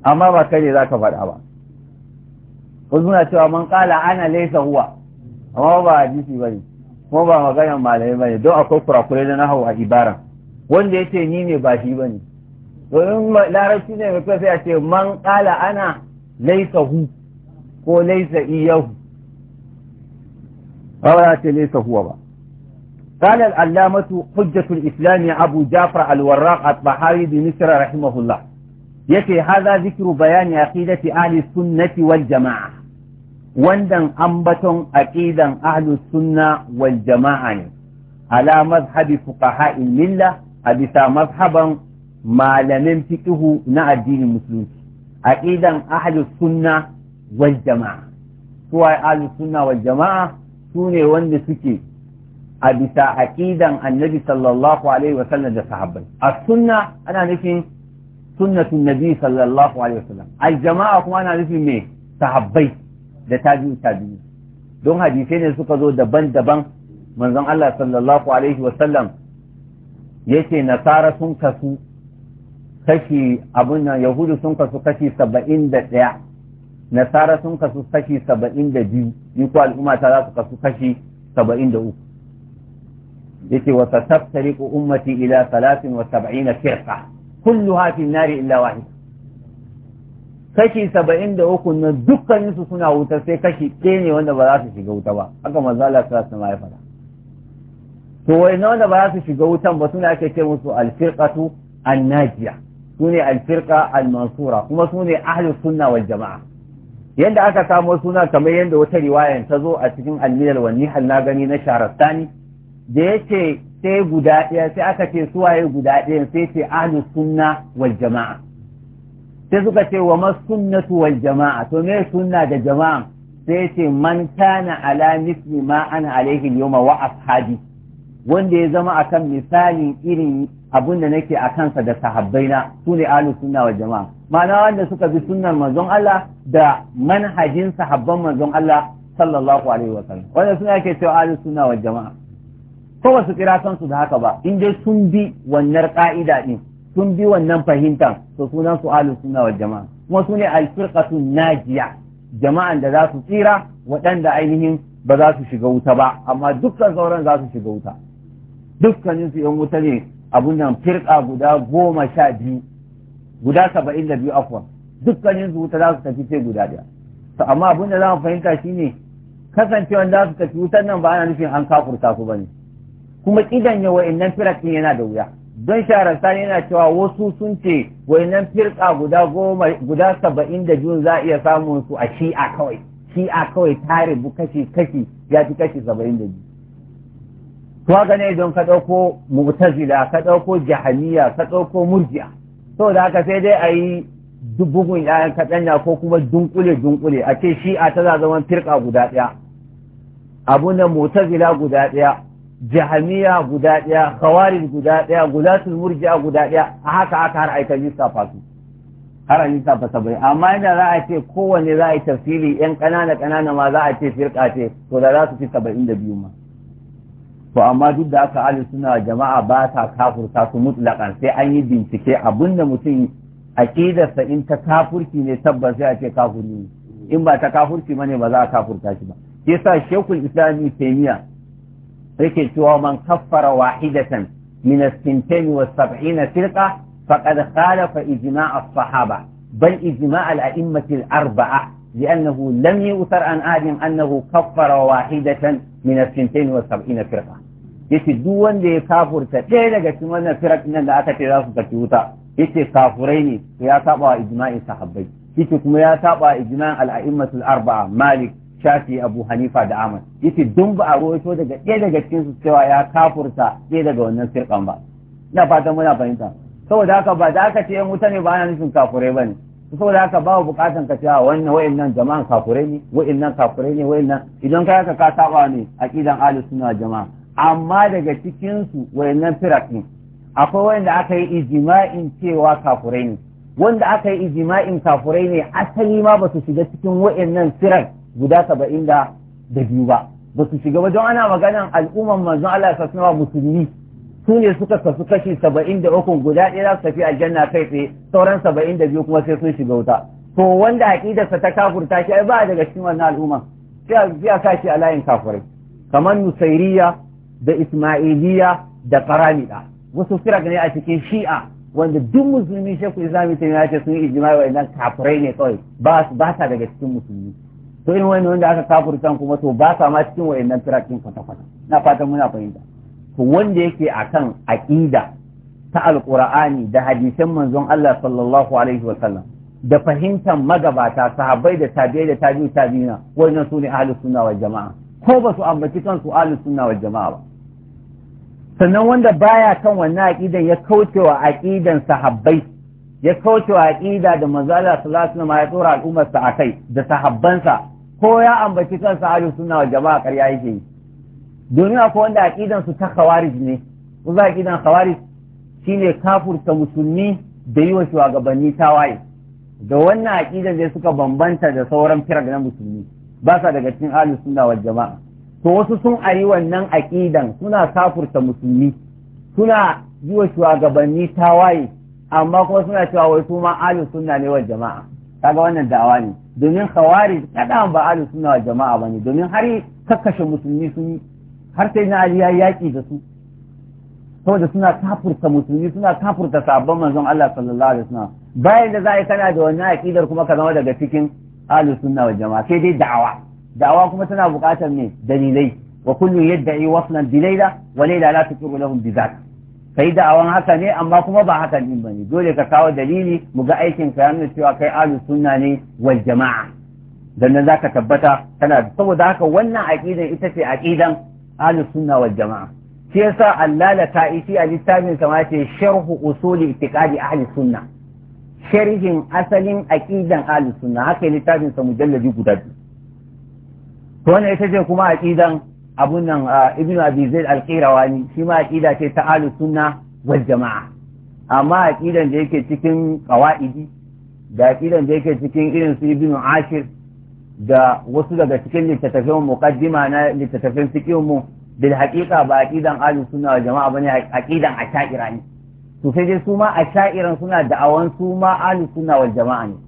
amma ba kai ne za ka faɗa ba ko suna cewa man kala ana laisa huwa amma ba hadisi ba ne kuma ba maganar malamai ba ne don akwai kurakurai na nahawu a ibara wanda ya ce ni ne ba shi ba ne domin larabci ne mai sai a ce man kala ana laisa hu ko laisa iyahu أو ليس هو با. قال العلامة حجة الإسلام أبو جعفر الوراق الطحاوي بمصر رحمه الله يكي هذا ذكر بيان عقيدة أهل السنة والجماعة وندن أنبتن أكيدا أهل السنة والجماعة على مذهب فقهاء الملة أبسا مذهبا ما لم يمسكه نا الدين المسلم أكيدا أهل السنة والجماعة سواء أهل السنة والجماعة su ne wanda suke a bisa aqidan annabi sallallahu alaihi wa sallam da sahabbai a sunna ana nufin sunnatun nabi sallallahu alaihi wa sallam al jama'a kuma ana nufin me sahabbai da tabi'u tabi'u don hadisai ne suka zo daban-daban manzon Allah sallallahu alaihi wa sallam yace nasara sun kasu kashi abun nan yahudu sun kasu kashi saba'in da ɗaya nasara sun kasu kashi saba'in da biyu ni ko al'umma ta za su kasu kashi saba'in da uku yace wa ko ummati ila wa na firka kullu hafi nari illa wahi kashi saba'in da uku na dukkanin su suna wuta sai kashi ɗaya ne wanda ba za su shiga wuta ba haka manzo Allah ta sama ya to wai na wanda ba za su shiga wutan ba suna ake ce musu an annajiya sune alfirqa almansura kuma sune ahlus sunna wal jama'a yadda aka samo suna kamar yadda wata riwayan ta zo a cikin almiyar wani na gani na sharastani da yace sai guda ɗaya sai aka ce suwaye guda ɗaya sai ce ahlus sunna wal jama'a sai suka ce wa mas sunnatu wal jama'a to me sunna da jama'a sai ce man kana ala misli ma ana alaihi yawma wa ashabi wanda ya zama akan misalin irin abin da nake a kansa da sahabbaina su ne ahlus sunna wa jama'a ma'ana wanda suka bi sunnar manzon Allah da manhajin sahabban manzon Allah sallallahu alaihi wa sallam wanda suna yake cewa ahlus sunna wa jama'a ko wasu kira kansu da haka ba in dai sun bi wannan ka'ida din sun bi wannan fahimtar to sunan su sunna wa jama'a kuma su ne alfirqatu najiya jama'an da za su tsira waɗanda ainihin ba za su shiga wuta ba amma dukkan sauran za su shiga wuta dukkanin su yan wuta ne abun nan firka guda goma sha biyu guda saba'in da biyu afwan dukkanin su wuta za su tafi sai guda daya to amma abin da za mu fahimta shine kasancewan za su tafi wutan nan ba ana nufin an kafurta su bane kuma idan ya wa'annan firakin yana da wuya don sharastani yana cewa wasu sun ce wa'annan firka guda goma guda saba'in da biyu za a iya samun su a shi'a kawai shi'a kawai tare bu kashi kashi ya fi kashi saba'in da biyu to gane don ka ɗauko mu'tazila ka ɗauko jahaniya ka ɗauko Murjiya? So da haka sai dai a yi bugun ‘ya'yan kaɗanya ko kuma dunkule-dunkule a ce shi'a tana zaman firka guda ɗaya abu na mutazila guda ɗaya jahamiya guda ɗaya kawarin guda ɗaya gulatul Murjiya guda ɗaya a haka haka har aika lissafa su har an lissafa sabai amma inda za a ce kowanne za a yi tafsiri yan ƙanana ƙanana ma za a ce firka ce to da za su fi saba'in da biyu ma to amma duk da aka ahli suna jama'a ba ta kafurta su mutlaƙan sai an yi bincike abinda mutum aqidarsa in ta kafurci ne tabbas sai a ce kafuri ne in ba ta kafurci bane ba za a kafurta shi ba ke sa shekul islami taimiya yake cewa man kaffara wahidatan min as-sintain wa sab'ina firqa faqad khalafa ijma' as-sahaba bal ijma' al-a'immah arbaa لأنه لم يؤثر عن أحد أنه كفر واحدة من السنتين والسبعين فرقة yace duk wanda ya kafurta ɗaya daga cikin wannan firak nan da aka ce za su tafi wuta yace kafurai ne to ya saba wa ijma'in sahabbai yace kuma ya saba wa ijma'in al-a'immatul arba'a Malik Shafi Abu Hanifa da Ahmad yace dun ba a rawaito daga ɗaya daga cikin su cewa ya kafurta ɗaya daga wannan firkan ba ina fatan muna fahimta saboda haka ba da aka ce yan wuta ne ba ana nufin kafurai ba bane saboda haka ba bukatan ka cewa wannan wayannan jama'an kafurai ne wayannan kafurai ne wayannan idan ka ka saba ne aqidan ahlus sunna jama'a amma daga cikinsu wayannan firak ne akwai wanda aka yi ijima'in cewa kafurai ne wanda aka yi ijima'in kafurai ne asali ma ba su shiga cikin wayannan firak guda saba'in da biyu ba ba su shiga ba don ana maganan al'umman manzon Allah ya sasnawa musulmi su ne suka kasu kashi saba'in da uku guda ɗaya za su tafi aljanna kai tsaye sauran saba'in da biyu kuma sai sun shiga wuta to wanda aƙidarsa ta kafurta shi ai ba daga cikin wannan al'umma sai a sa shi a layin kafurai kamar nusairiyya da Ismailiyya da Faramida wasu firak ne a cikin Shi'a wanda duk musulmi shekul islami ta ya ce sun yi wa wa'annan kafirai ne kawai ba sa daga cikin musulmi to irin wani wanda aka kafurtan kuma to ba sa ma cikin wa'annan firak din kwata kwata na fatan muna fahimta to wanda yake akan aqida ta alqur'ani da hadisan manzon Allah sallallahu alaihi wa sallam da fahimtar magabata sahabbai da tabi'ai da tabi'u tabi'ina wannan ne ahlus sunna wal jama'a ko ba su ambaci kansu ahlus sunna wal jama'a ba sannan wanda baya kan wannan aqidan ya kaucewa aqidan sahabbai ya kaucewa aqida da manzo sallallahu alaihi wasallam ya tsora al'ummar sa akai da sahabbansa ko ya ambaci kansa ahlus sunna wa jama'a ƙarya yake yi domin akwai wanda aqidan su ta khawarij ne za aqidan khawarij shine kafurta musulmi da yiwa wa shugabanni tawaye da wannan aqidan dai suka bambanta da sauran firar na musulmi ba sa daga cikin ahlus sunna wal jama'a to wasu sun ayi wannan aƙidan suna kafurta musulmi suna yi wa shugabanni tawaye amma kuma suna cewa wai su ma alu suna ne wa jama'a kaga wannan da'awa ne domin khawarij kadan ba alu suna wa jama'a bane domin har kakkashe musulmi sun yi har sai na ali ya yaki da su saboda suna kafurta musulmi suna kafurta sabon manzon Allah sallallahu alaihi wasallam bayan da za a yi kana da wannan aqidar kuma ka zama daga cikin alu sunna wa jama'a sai dai da'awa da'awa kuma tana buƙatar ne dalilai wa kullu yadda'i waslan bi laila wa laila la tuqiru lahum bi kai da'awan haka ne amma kuma ba hakan din bane dole ka kawo dalili mu ga aikin ka yana cewa kai ahlus sunna ne wal jama'a dan nan zaka tabbata kana saboda haka wannan aqidan ita ce aqidan ahlus sunna wal jama'a shi yasa Allah la a littafin sa sharhu usuli itiqadi ahlus sunna sharhin asalin aƙidan ahlus sunna haka littafin sa mujalladi guda biyu wannan ita ce kuma aqidan abun nan ibnu abi zaid al-qirawani shi ma aqida ce ta ahlus sunna wal jama'a amma aqidan da yake cikin qawaidi da aqidan da yake cikin irin su ibnu ashir da wasu daga cikin littattafan muqaddima na littattafan fiqhin mu bil haqiqa ba aqidan ahlus sunna wal jama'a bane aqidan ashairani to sai dai su ma asha'iran suna da'awan su ma ahlus sunna wal jama'a ne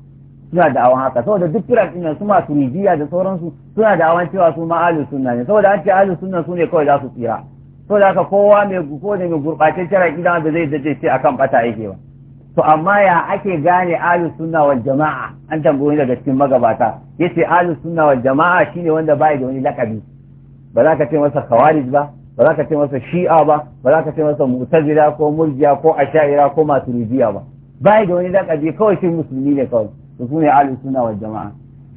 suna da awon haka saboda duk firan su masu rijiya da sauransu suna da awan cewa su ma ahlus sunna ne saboda an ce ahlus sunna su ne kawai za su tsira saboda haka kowa mai ko ne mai gurɓataccen gida da zai dace ce akan bata yake ba to amma ya ake gane ahlus sunna wal jama'a an tambayi daga cikin magabata yace ahlus sunna wal jama'a shine wanda bai da wani lakabi ba za ka ce masa khawarij ba ba za ka ce masa shi'a ba ba za ka ce masa mu'tazila ko murjiya ko asha'ira ko maturidiya ba bai da wani lakabi kawai shi musulmi ne kawai to su ne ahlus sunna wal jama'a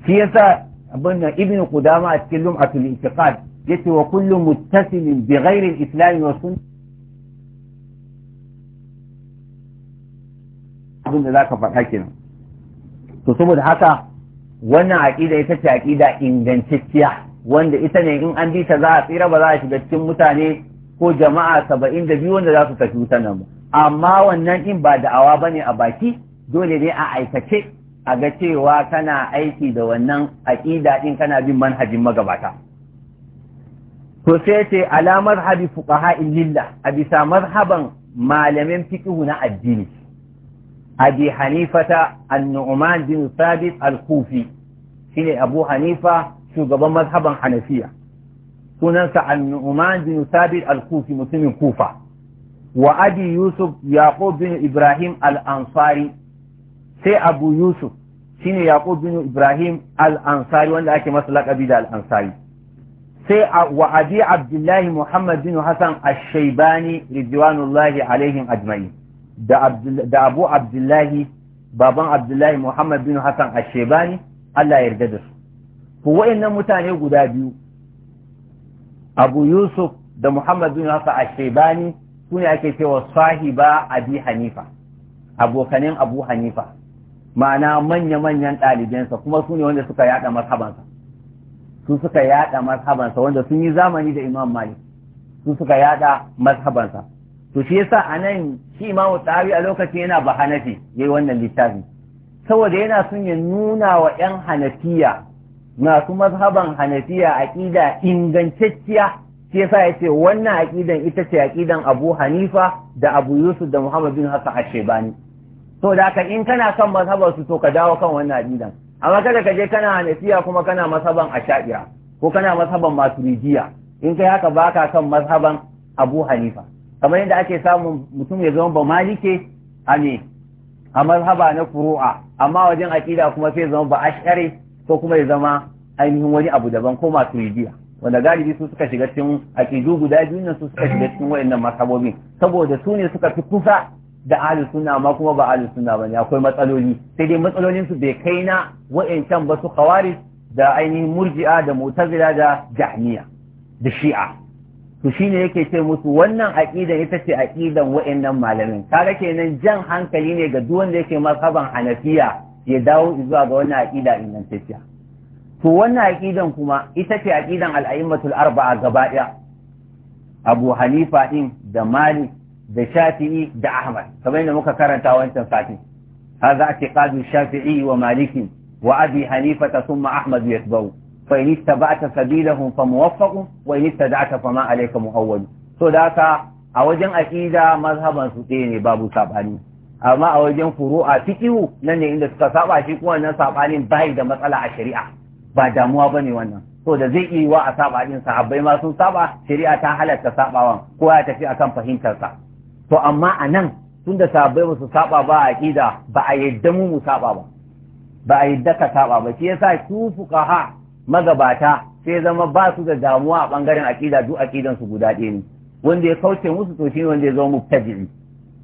shi yasa abin da ibn qudama a cikin lum'atul i'tiqad yace wa kullu muttasilin bi ghairi al-islam wa sunnah abin da zaka faɗa kenan to saboda haka wannan aƙida ita ce aƙida ingantacciya wanda ita ne in an bi ta za a tsira ba za a shiga cikin mutane ko jama'a saba'in da biyu wanda za su tafi wutan nan amma wannan in ba da'awa ba ne a baki dole ne a aikace a ga cewa kana aiki da wannan aƙida ɗin kana bin manhajin magabata to sai ce alamar habi fuqaha lillah a bisa mazhaban malamin fiqhu na addini abi hanifata an-nu'man bin thabit al-kufi shine abu hanifa shugaban mazhaban hanafiya sunansa an-nu'man bin thabit al-kufi mutumin kufa wa abi yusuf yaqub bin ibrahim al-ansari sai abu yusuf shine yaqub bin ibrahim al-ansari wanda ake masa lakabi da al-ansari sai wa abi abdullahi muhammad bin hasan ash-shaybani ridwanullahi alaihim ajma'in da da abu abdullahi baban abdullahi muhammad bin hasan ash-shaybani Allah ya yarda da su ko wayannan mutane guda biyu abu yusuf da muhammad bin hasan ash-shaybani sune ake cewa sahiba abi hanifa abokanin abu hanifa ma'ana manya-manyan ɗalibansa kuma su ne wanda suka yada mazhabansa su suka yada mazhabansa wanda sun yi zamani da imam malik su suka yada mazhabansa to shi yasa a nan shi imamu tsari a lokacin yana ba hanafi yayi wannan littafi saboda yana sun ya nuna wa yan hanafiya masu mazhaban hanafiya aqida ingantacciya shi yasa ya ce wannan aqidan ita ce aƙidan abu hanifa da abu yusuf da muhammad bin hasan ashebani to da ka in kana son mas'abar su to ka dawo kan wannan aqidan amma kada ka je kana hanafiya kuma kana mazhaban asha'ira ko kana masu maturidiya in kai haka ba ka kan masaban abu hanifa kamar yadda ake samun mutum ya zama ba malike a ne a mazhaba na furu'a amma wajen aƙida kuma sai zama ba ash'ari ko kuma ya zama ainihin wani abu daban ko masu maturidiya wanda galibi su suka shiga cikin aƙidu guda biyu ne su suka shiga cikin wayannan masabobin saboda su ne suka fi kusa da ahlus sunna amma kuma ba ahlus sunna bane akwai matsaloli sai dai matsalolin su bai kai na wa'ancan ba su khawarij da ainihin murji'a da mu'tazila da jahmiya da shi'a to shine yake ce musu wannan aqida ita ce aqidan wa'annan malamin kaga kenan jan hankali ne ga duk wanda yake mazhaban hanafiya ya dawo zuwa ga wannan aqida ingantacciya to wannan aqidan kuma ita ce aqidan al-a'immatul arba'a gaba ɗaya Abu Hanifa din da Malik da shafi'i da ahmad kamar yadda muka karanta wancan sati hadha i'tiqadu shafi'i wa maliki wa abi hanifa thumma ahmad yatbau fa in ittaba'ta sabilahum fa muwaffaqu wa in ittada'ta fa ma alayka mu'awwal so da haka a wajen aqida mazhaban su ɗaya ne babu sabani amma a wajen furu'a fiqhu nan ne inda suka saba shi kuma wannan sabanin bai da matsala a shari'a ba damuwa bane wannan so da zai iya wa a saba din sahabbai ma sun saba shari'a ta halatta sabawan ko ya tafi akan fahimtar sa to amma a nan tun da sabai ba su saba ba a ƙida ba a yadda mu mu saba ba ba a yadda ka saba ba shi yasa su fuqaha magabata sai zama ba su da damuwa a ɓangaren aƙida duk aƙidan su guda ɗaya ne wanda ya kauce musu to ne wanda ya zama mubtadi'i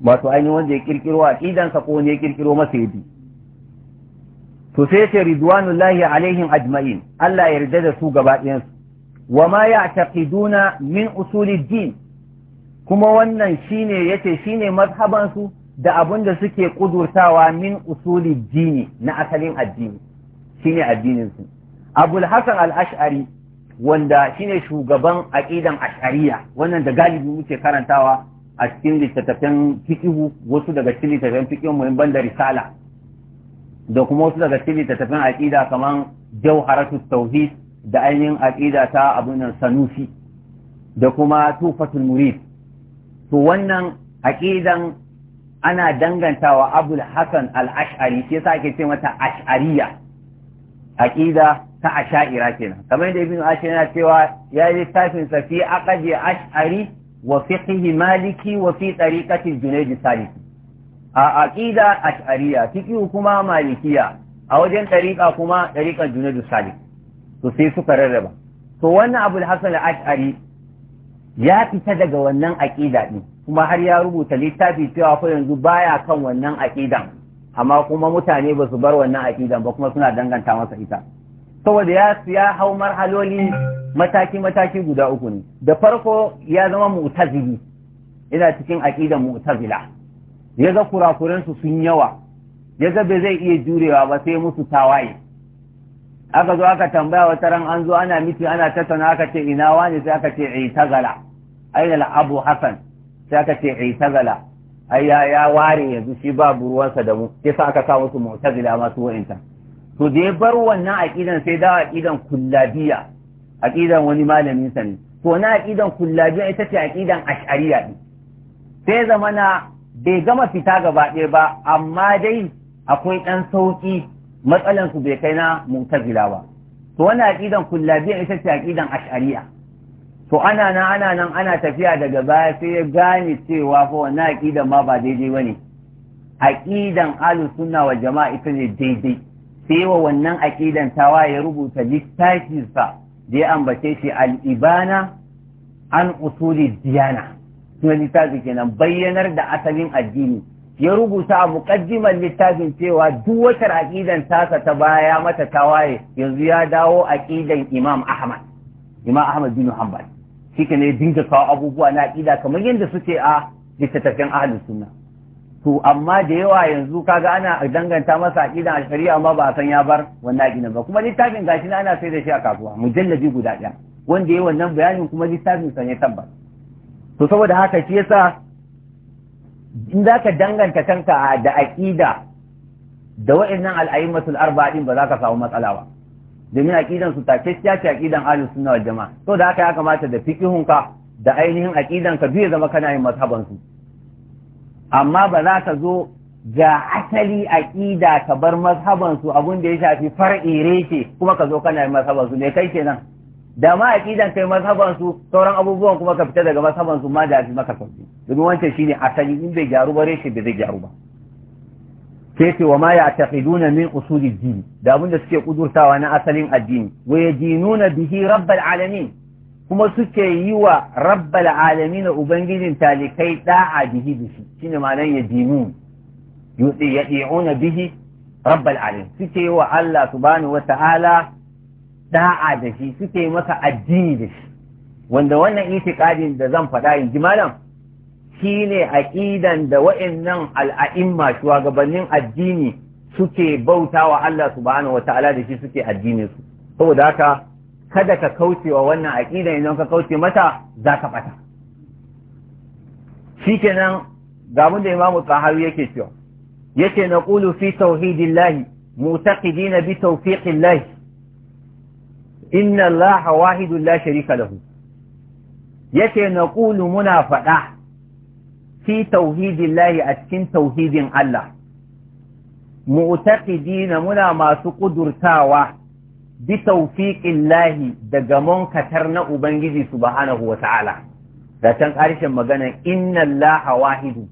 wato ainihin wanda ya kirkiro aqidan sa ko wanda ya kirkiro masa yadi to sai ce ridwanullahi alaihim ajma'in Allah ya yarda da su gaba ɗayan su wa ma ya'taqiduna min usuli din kuma wannan shine yace shine mazhaban su da abin da suke kudurtawa min usuli dini na asalin addini shine addinin su abul hasan al-ash'ari wanda shine shugaban aqidan ash'ariya wannan da galibi muke karantawa a cikin littattafan fiqhu wasu daga cikin littattafan fiqhu muhimman da risala da kuma wasu daga cikin littattafan aqida kaman jawharatu tauhid da ainihin aqida ta abun sanusi da kuma tufatul murid to wannan aqidan ana dangantawa abul hasan al-ash'ari shi yasa ake ce mata ash'ariya aqida ta asha'ira kenan kamar da ibnu ash'ari yana cewa ya yi littafin sa fi aqdi ash'ari wa fiqhi maliki wa fi tariqati junayd saliki a aqida ash'ariya fiqhi kuma malikiya a wajen tariqa kuma tariqan junayd saliki to sai suka rarraba to wannan abul hasan al-ash'ari ya fita daga wannan aƙida ɗin kuma har ya rubuta littafi cewa fa yanzu baya kan wannan aƙidan amma kuma mutane ba su bar wannan aƙidan ba kuma suna danganta masa ita saboda ya ya hau marhaloli mataki mataki guda uku ne da farko ya zama mu'tazili ina cikin aƙidan mu'tazila ya ga kurakuran su sun yawa ya ga bai zai iya jurewa ba sai musu tawaye aka zo aka tambaya wata ran an zo ana miti ana tattauna aka ce ina wani sai aka ce itazala aina abu hasan sai aka ce ai ya ya ware yanzu shi babu ruwansa da mu sai sa aka kawo su mu'tazila masu wa'inta to da ya bar wannan aqidan sai da aqidan kullabiya aqidan wani malamin sa ne to na aqidan kullabiya ita ce aqidan ash'ariya din sai zamana bai gama fita gaba ɗaya ba amma dai akwai ɗan sauƙi matsalansu bai kai na mu'tazila ba to wannan aqidan kullabiya ita ce aqidan ash'ariya to ana nan ana nan ana tafiya daga baya sai ya gane cewa fa wannan aqidan ma ba daidai bane aqidan ahlus sunna wa jama'a ita ne daidai sai wa wannan aqidan tawa ya rubuta littafinsa da ya ambace shi al-ibana an usuli diyana suna littafin kenan bayyanar da asalin addini ya rubuta a muqaddimar littafin cewa duk wata aƙidan tasa ta baya mata tawaye yanzu ya dawo aƙidan imam ahmad imam ahmad bin hanbal shike ne dinga kawo abubuwa na aƙida kamar yadda suke a littattafin ahalin suna to amma da yawa yanzu kaga ana danganta masa aƙida a shari'a amma ba a san ya bar wannan aƙida ba kuma littafin gashi na ana sai da shi a kasuwa mujallabi guda ɗaya wanda ya wannan bayanin kuma littafin sa ne tabbas to saboda haka shi yasa in za ka danganta kanka da aƙida da wa'annan al'aimatul arba'a arba'in ba za ka samu matsala ba domin aƙidan su takakkiya ce aƙidan ahlus sunna wal jama'a to da haka ya kamata da fiqihun ka da ainihin aƙidan ka ya zama kana yin mazhaban su amma ba za ka zo ga asali aƙida ka bar mazhaban su abun da ya shafi far'i reke kuma ka zo kana yin mazhaban su ne kai kenan da ma aƙidan kai mazhaban su sauran abubuwan kuma ka fita daga mazhaban su ma da fi maka sauki domin wancan shine asali in bai gyaru ba reke bai zai gyaru ba sai wa ma ya taqiduna min usuli din da abin da suke kudurtawa na asalin addini wa yadinuna bihi rabbal alamin kuma suke yi wa rabbal alamin ubangijin talikai da'a bihi shine malan yadinun yudi yadi'una bihi rabbal alamin suke yi wa Allah subhanahu wata'ala da'a da shi suke masa addini da shi wanda wannan itikadin da zan faɗa in ji malam Shi ne aƙidan da wa'annan al'a'imma shugabannin addini suke bautawa Allah subhanahu Ta'ala da shi suke addinin su saboda haka kada ka kauce wa wannan aƙidan idan ka kauce mata za ka bata shikenan ga da imamu tsahawi yake cewa yake naqulu fi tauhidillahi معتقدين بتوفيق الله إن الله واحد لا شريك له يتي نقول muna faɗa. fi tauhidillahi a cikin tauhidin Allah mu'taqidina muna masu ƙudurtawa bi tawfiqillahi daga munkatar na ubangiji subhanahu ta'ala da can ƙarshen magana inna allaha wahidu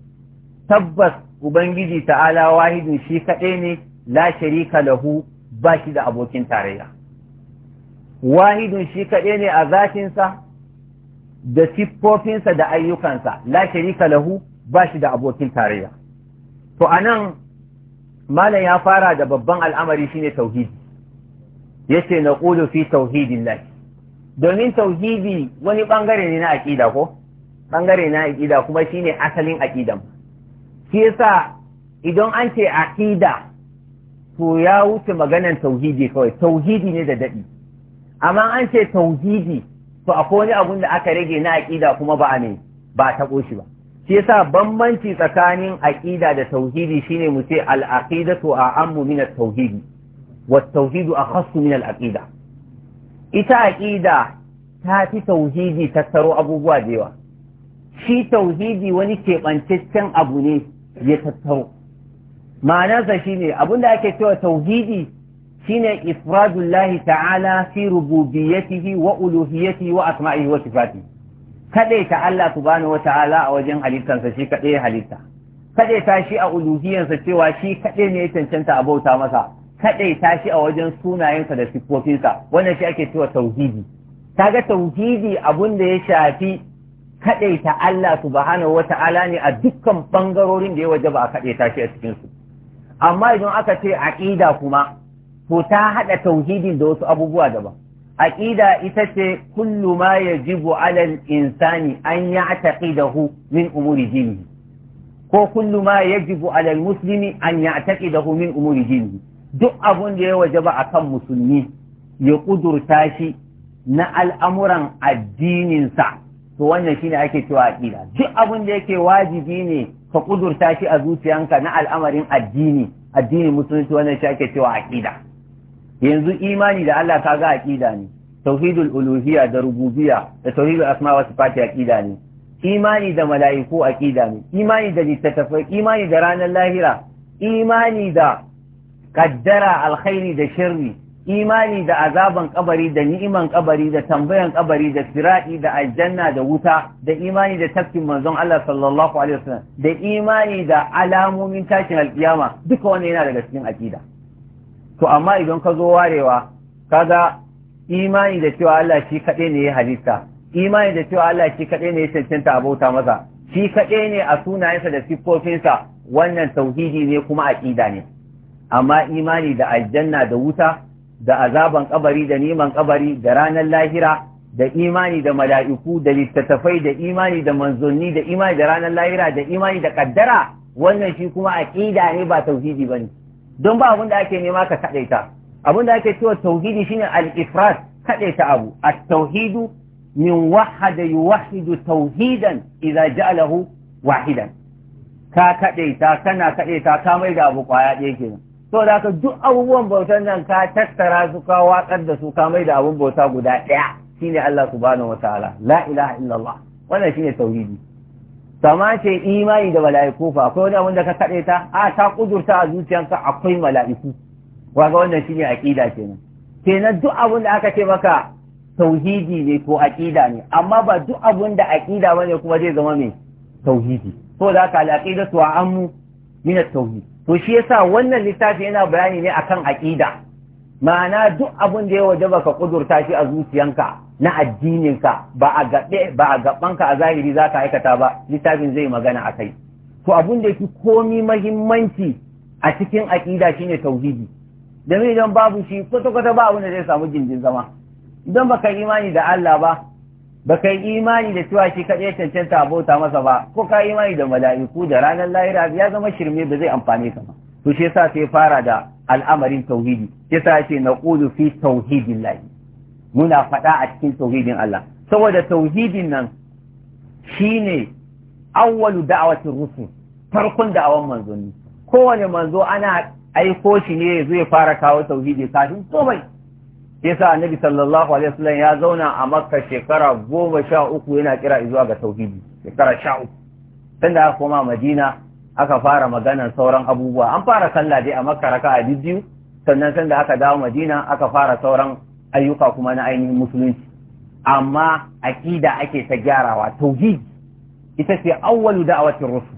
tabbas ubangiji ta'ala wahidu shi kaɗai ne la sharika lahu ba shi da abokin tarayya wahidun shi kaɗai ne a zafinsa da siffofinsa da ayyukansa la sharika lahu ba shi da abokin tarayya to anan malam ya fara da babban al'amari shine tauhidi yace naqulu fi Tauhidin tauhidillah domin tauhidi wani bangare ne na aqida ko bangare na aqida kuma shine asalin aqidan shi yasa idan an ce aqida to ya wuce maganan tauhidi kawai tauhidi ne da daɗi? amma an ce tauhidi to akwai wani abun da aka rage na aƙida kuma ba a ne ba a taɓo shi ba shi yasa bambanci tsakanin aƙida da tauhidi shine mu ce al-aqidatu a'ammu min at-tauhidi wa at-tauhidu akhassu min al-aqida ita aƙida ta fi tauhidi tattaro abubuwa da yawa shi tauhidi wani keɓantaccen abu ne ya tattaro ma'anarsa shine abun da ake cewa tauhidi shine ifradullahi ta'ala fi rububiyyatihi wa uluhiyyatihi wa asma'ihi wa sifatihi kadai ta Allah subhanahu wa ta'ala a wajen sa shi kadai halitta kadai ta shi a uluhiyyansa cewa shi kadai ne ya cancanta a bauta masa kadai ta shi a wajen sunayensa da siffofinsa wannan shi ake cewa tauhidi kaga tauhidi abun da ya shafi kadai ta Allah subhanahu wa ta'ala ne a dukkan bangarorin da ya wajaba a kadai ta shi a cikin su amma idan aka ce aqida kuma to ta haɗa tauhidin da wasu abubuwa daban aqida ita ce kullu ma yajibu ala insani an ya'taqidahu min umuri jini, ko kullu ma yajibu ala al-muslimi an ya'taqidahu min umuri jini. duk abun da ya wajaba kan musulmi ya kudurta shi na al'amuran addininsa to wannan shine ake cewa aqida duk abun da yake wajibi ne ka kudurta shi a zuciyanka na al'amarin addini addinin musulunci wannan shi ake cewa aqida yanzu imani da Allah kaga aqida ne tauhidul uluhiyya da rububiyya da tauhidul asma wa sifati aqida ne imani da mala'iku aqida ne imani da littattafai imani da ranar lahira imani da kaddara alkhairi da sharri imani da azaban kabari da ni'iman kabari da tambayan kabari da siradi da aljanna da wuta da imani da tafkin manzon Allah sallallahu alaihi wasallam da imani da alamomin tashin alkiyama duka wannan yana daga cikin aqida to amma idan ka zo warewa kaga imani da cewa Allah shi kaɗai ne ya halitta imani da cewa Allah shi kaɗai ne ya cancanta a bauta masa shi kaɗai ne a sunayensa da siffofinsa wannan tauhidi ne kuma aƙida ne amma imani da aljanna da wuta da azaban kabari da neman kabari da ranar lahira da imani da mala'iku da littattafai da imani da manzanni da imani da ranar lahira da imani da kaddara wannan shi kuma aƙida ne ba tauhidi bane don ba abin da ake nema ka ta, abin da ake cewa tauhidi shine al-ifrad ta abu at-tauhidu min wahada yuwahidu tauhidan idza ja'alahu wahidan ka kadaita kana ta, ka mai da abu kwaya ɗaya kenan to da ka duk abubuwan bautan nan ka tattara su ka watsar da su ka mai da abun bauta guda ɗaya shine Allah subhanahu wataala la ilaha illallah wannan shine tauhidi kama ce imani da mala'iku fa akwai wani abun da ka kaɗe ta a ta kudurta a zuciyanka akwai mala'iku waga wannan shine aqida kenan kenan duk abin da aka ce maka tauhidi ne ko aqida ne amma ba duk abin da ba bane kuma zai zama mai tauhidi to da ka al'aqida su ammu min tauhid to shi yasa wannan littafi yana bayani ne akan aqida ma'ana duk abin da ya wajaba ka kudurta shi a zuciyanka na addininka ba a gaɓe ba a gaɓanka a zahiri za ka aikata ba littafin zai magana a kai to abin da yake komi mahimmanci a cikin aƙida shine tauhidi domin idan babu shi kwata-kwata ba abin da zai samu jinjin zama idan baka imani da Allah ba baka yi imani da cewa shi kaɗai cancanta bauta masa ba ko ka imani da mala'iku da ranar lahira ya zama shirme ba zai amfane ka ba to shi yasa sai fara da al'amarin tauhidi yasa ya ce naqulu fi tauhidillahi muna faɗa a cikin tauhidin Allah saboda tauhidin nan shine awwalu da'awatin rusul farkon da'awan manzonni kowane manzo ana aiko shi ne zai fara kawo tauhidi kafin komai yasa annabi sallallahu alaihi wasallam ya zauna a makka shekara goma sha uku yana kira izuwa ga tauhidi shekara sha uku da aka koma madina aka fara maganar sauran abubuwa an fara sallah dai a makka raka a biyu sannan sanda aka dawo madina aka fara sauran ayyuka kuma na ainihin musulunci amma aƙida ake ta gyarawa tauhid ita ce awwalu da'awatir rusul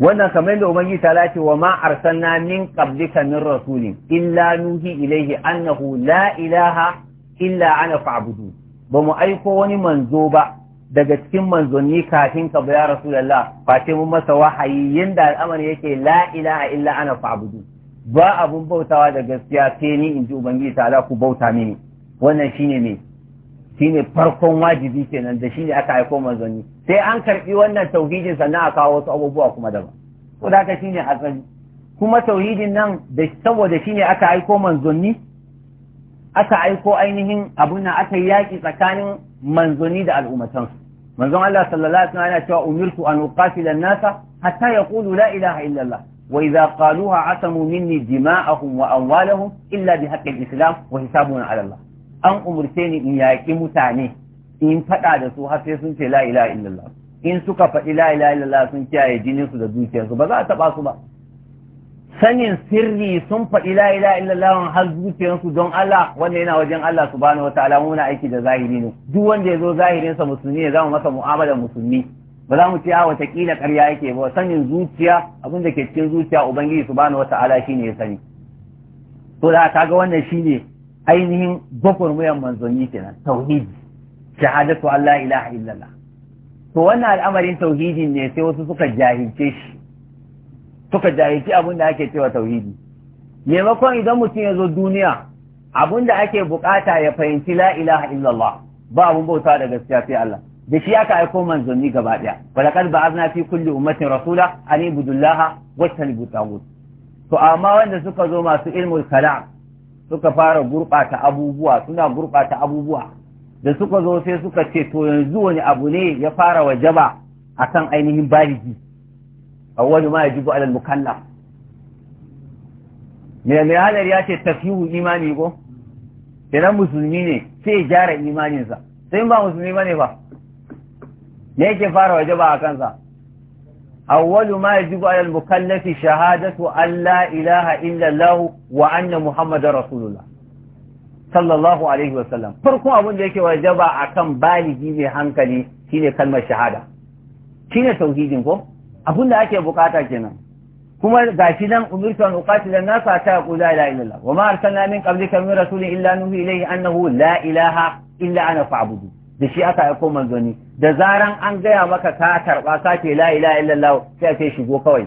wannan kamar yadda ubangi ta lati wa ma arsalna min qablika min rasulin illa nuhi ilayhi annahu la ilaha illa ana fa'budu ba mu aiko wani manzo ba daga cikin manzonni kafin ka ba ya rasulullah fa sai mun masa wahayi yanda al'amari yake la ilaha illa ana fa'budu ba abun bautawa da gaskiya sai ni in ji ubangiji ta'ala ku bauta mini wannan shine ne shine farkon wajibi kenan da shine aka aiko manzanni sai an karbi wannan tauhidin sannan a kawo wasu abubuwa kuma daban ko da haka shine asali kuma tauhidin nan da saboda shine aka aiko manzanni aka aiko ainihin abun nan aka yaki tsakanin manzanni da al'ummatan manzon Allah sallallahu alaihi wasallam yana cewa umirtu an uqatila an-nasa hatta yaqulu la ilaha illallah وإذا قالوها عصموا مني دماءهم وأموالهم إلا بحق الإسلام وحسابنا على الله أن أمرتني إن يأكي متاني إن فتا دسو حسيسون لا إله إلا الله in suka faɗi la ilaha sun kiyaye jininsu da zuciyarsu ba za a taɓa ba sanin sirri sun faɗi la ilaha illallah har zuciyarsu don Allah wanda yana wajen Allah subhanahu wataala muna aiki da zahiri ne duk wanda ya zo zahirinsa musulmi ne zama masa mu'amalar musulmi ba za mu ce a watakila ƙarya yake ba sanin zuciya abin da ke cikin zuciya ubangiji subhanahu wata'ala shine ya sani to da kaga wannan shine ainihin gwagwarmayar yi kenan tauhidi shahadatu Allah ilaha illallah to wannan al'amarin tauhidi ne sai wasu suka jahilce shi suka jahilci abin da ake cewa tauhidi maimakon idan mutum ya zo duniya abin da ake bukata ya fahimci la ilaha illallah ba abin bauta da gaskiya sai Allah da shi aka aiko manzanni gaba daya walaqad ba'athna fi kulli ummatin rasula an wa wajtanibu tagut to amma wanda suka zo masu ilmul kalam suka fara gurbata abubuwa suna gurbata abubuwa da suka zo sai suka ce to yanzu wani abu ne ya fara wajaba akan ainihin baligi awwalu ma yajibu ala mukallaf me ne halar ya ce tafiyu imani ko idan musulmi ne sai ya gyara imaninsa sai ba musulmi bane ba me yake fara wajaba a kansa awwalu ma yajibu ala al-mukallafi shahadatu an la ilaha illa Allah wa anna muhammadar rasulullah sallallahu alaihi wa sallam farkon abin da yake wajaba akan baligi mai hankali shine kalmar shahada shine tauhidin ko abin da ake bukata kenan kuma gashi nan umirtu an uqatila an-nas hatta yaqulu la ilaha illallah wa ma arsalna min qablika min rasulin illa nuhi ilayhi annahu la ilaha illa ana fa'budu da shi aka aiko manzoni da zaran an gaya maka ka karɓa sake la ilaha illallah sai a ce shigo kawai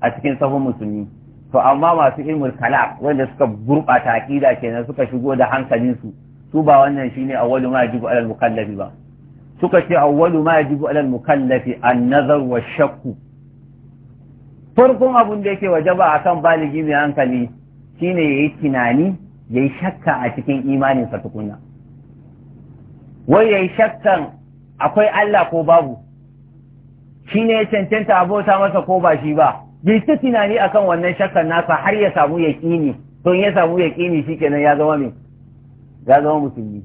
a cikin sahun musulmi to amma masu ilmul kalam wanda suka gurɓata aqida kenan suka shigo da hankalinsu su su ba wannan shine awwalu ma yajibu alal mukallafi ba suka ce awwalu ma yajibu alal mukallafi an-nazar wa shakku farkon abun da yake wajaba akan baligi mai hankali shine yayi tunani yayi shakka a cikin imaninsa tukunna wai yayi shakkan akwai Allah ko babu shi ne ya cancanta abota masa ko ba shi ba yi tunani akan wannan shakkar nasa har ya samu yaƙini to ya samu yaƙini kenan ya zama mai ya zama musulmi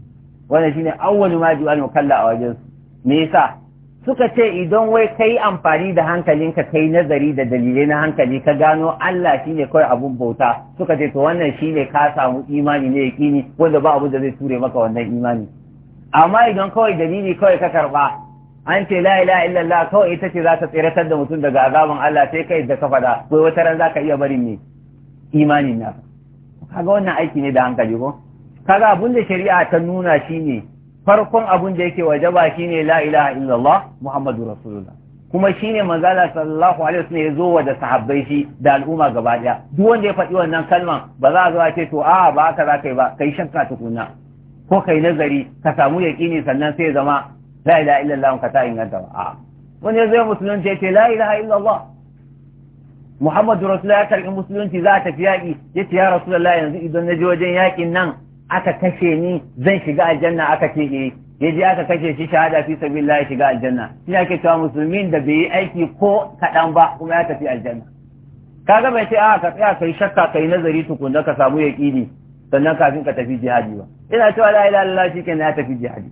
wannan shine awwalu ma du'a kalla a wajen su me yasa suka ce idan wai kai amfani da ka kai nazari da dalilai na hankali ka gano Allah shine kawai abun bauta suka ce to wannan shine ka samu imani ne yaƙini wanda ba abu da zai ture maka wannan imani amma idan kawai dalili kawai ka karba an ce la ilaha illallah kawai ita ce za ta tseratar da mutum daga azaban Allah sai kai da ka fada ko wata ran ka iya barin ne imanin Ka kaga wannan aiki ne da hankali ko kaga abun da shari'a ta nuna shine farkon abun da yake wajaba shine la ilaha illallah muhammadu rasulullah kuma shine manzala sallallahu alaihi wasallam ya zo wa da sahabbai shi da al'umma gaba daya duk wanda ya faɗi wannan kalman ba za a zo a ce to "Aa ba ka za ka yi ba kai shakka tukunna ko kai nazari ka samu yaƙini sannan sai zama la ilaha illallah ka ta inganta ba a wani ya zai musulunci ya ce la ilaha illallah muhammadu rasulullah ya karɓi musulunci za a tafi yaƙi ya ce ya rasulullah yanzu idan na je wajen yaƙin nan aka kashe ni zan shiga aljanna aka ce eh ya je aka kashe shi shahada fi sabilillah ya shiga aljanna shi ake cewa musulmin da bai yi aiki ko kaɗan ba kuma ya tafi aljanna kaga bai ce a ka tsaya kai shakka kai nazari tukunna ka samu yaƙini sannan kafin ka tafi jihadi ba ina cewa la ilaha illallah shikenan ya tafi jihadi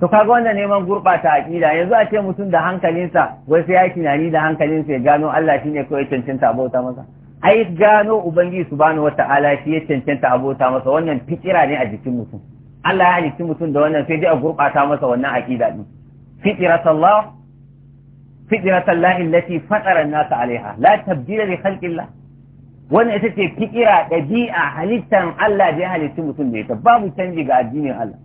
to kaga wanda neman gurbata aqida yanzu a ce mutum da hankalinsa wai sai ya tunani da hankalinsa ya gano Allah shine kawai cancanta abota masa ai gano ubangiji subhanahu wataala shi ya cancanta abota masa wannan fikira ne a jikin mutum Allah ya halicci mutum da wannan sai dai a gurbata masa wannan aqida din fitratallah fitratallah allati fatara an-nasa alaiha la tabdila li khalqillah wannan ita ce fikira ɗabi'a halittan Allah da ya halitti mutum da ita babu canji ga addinin Allah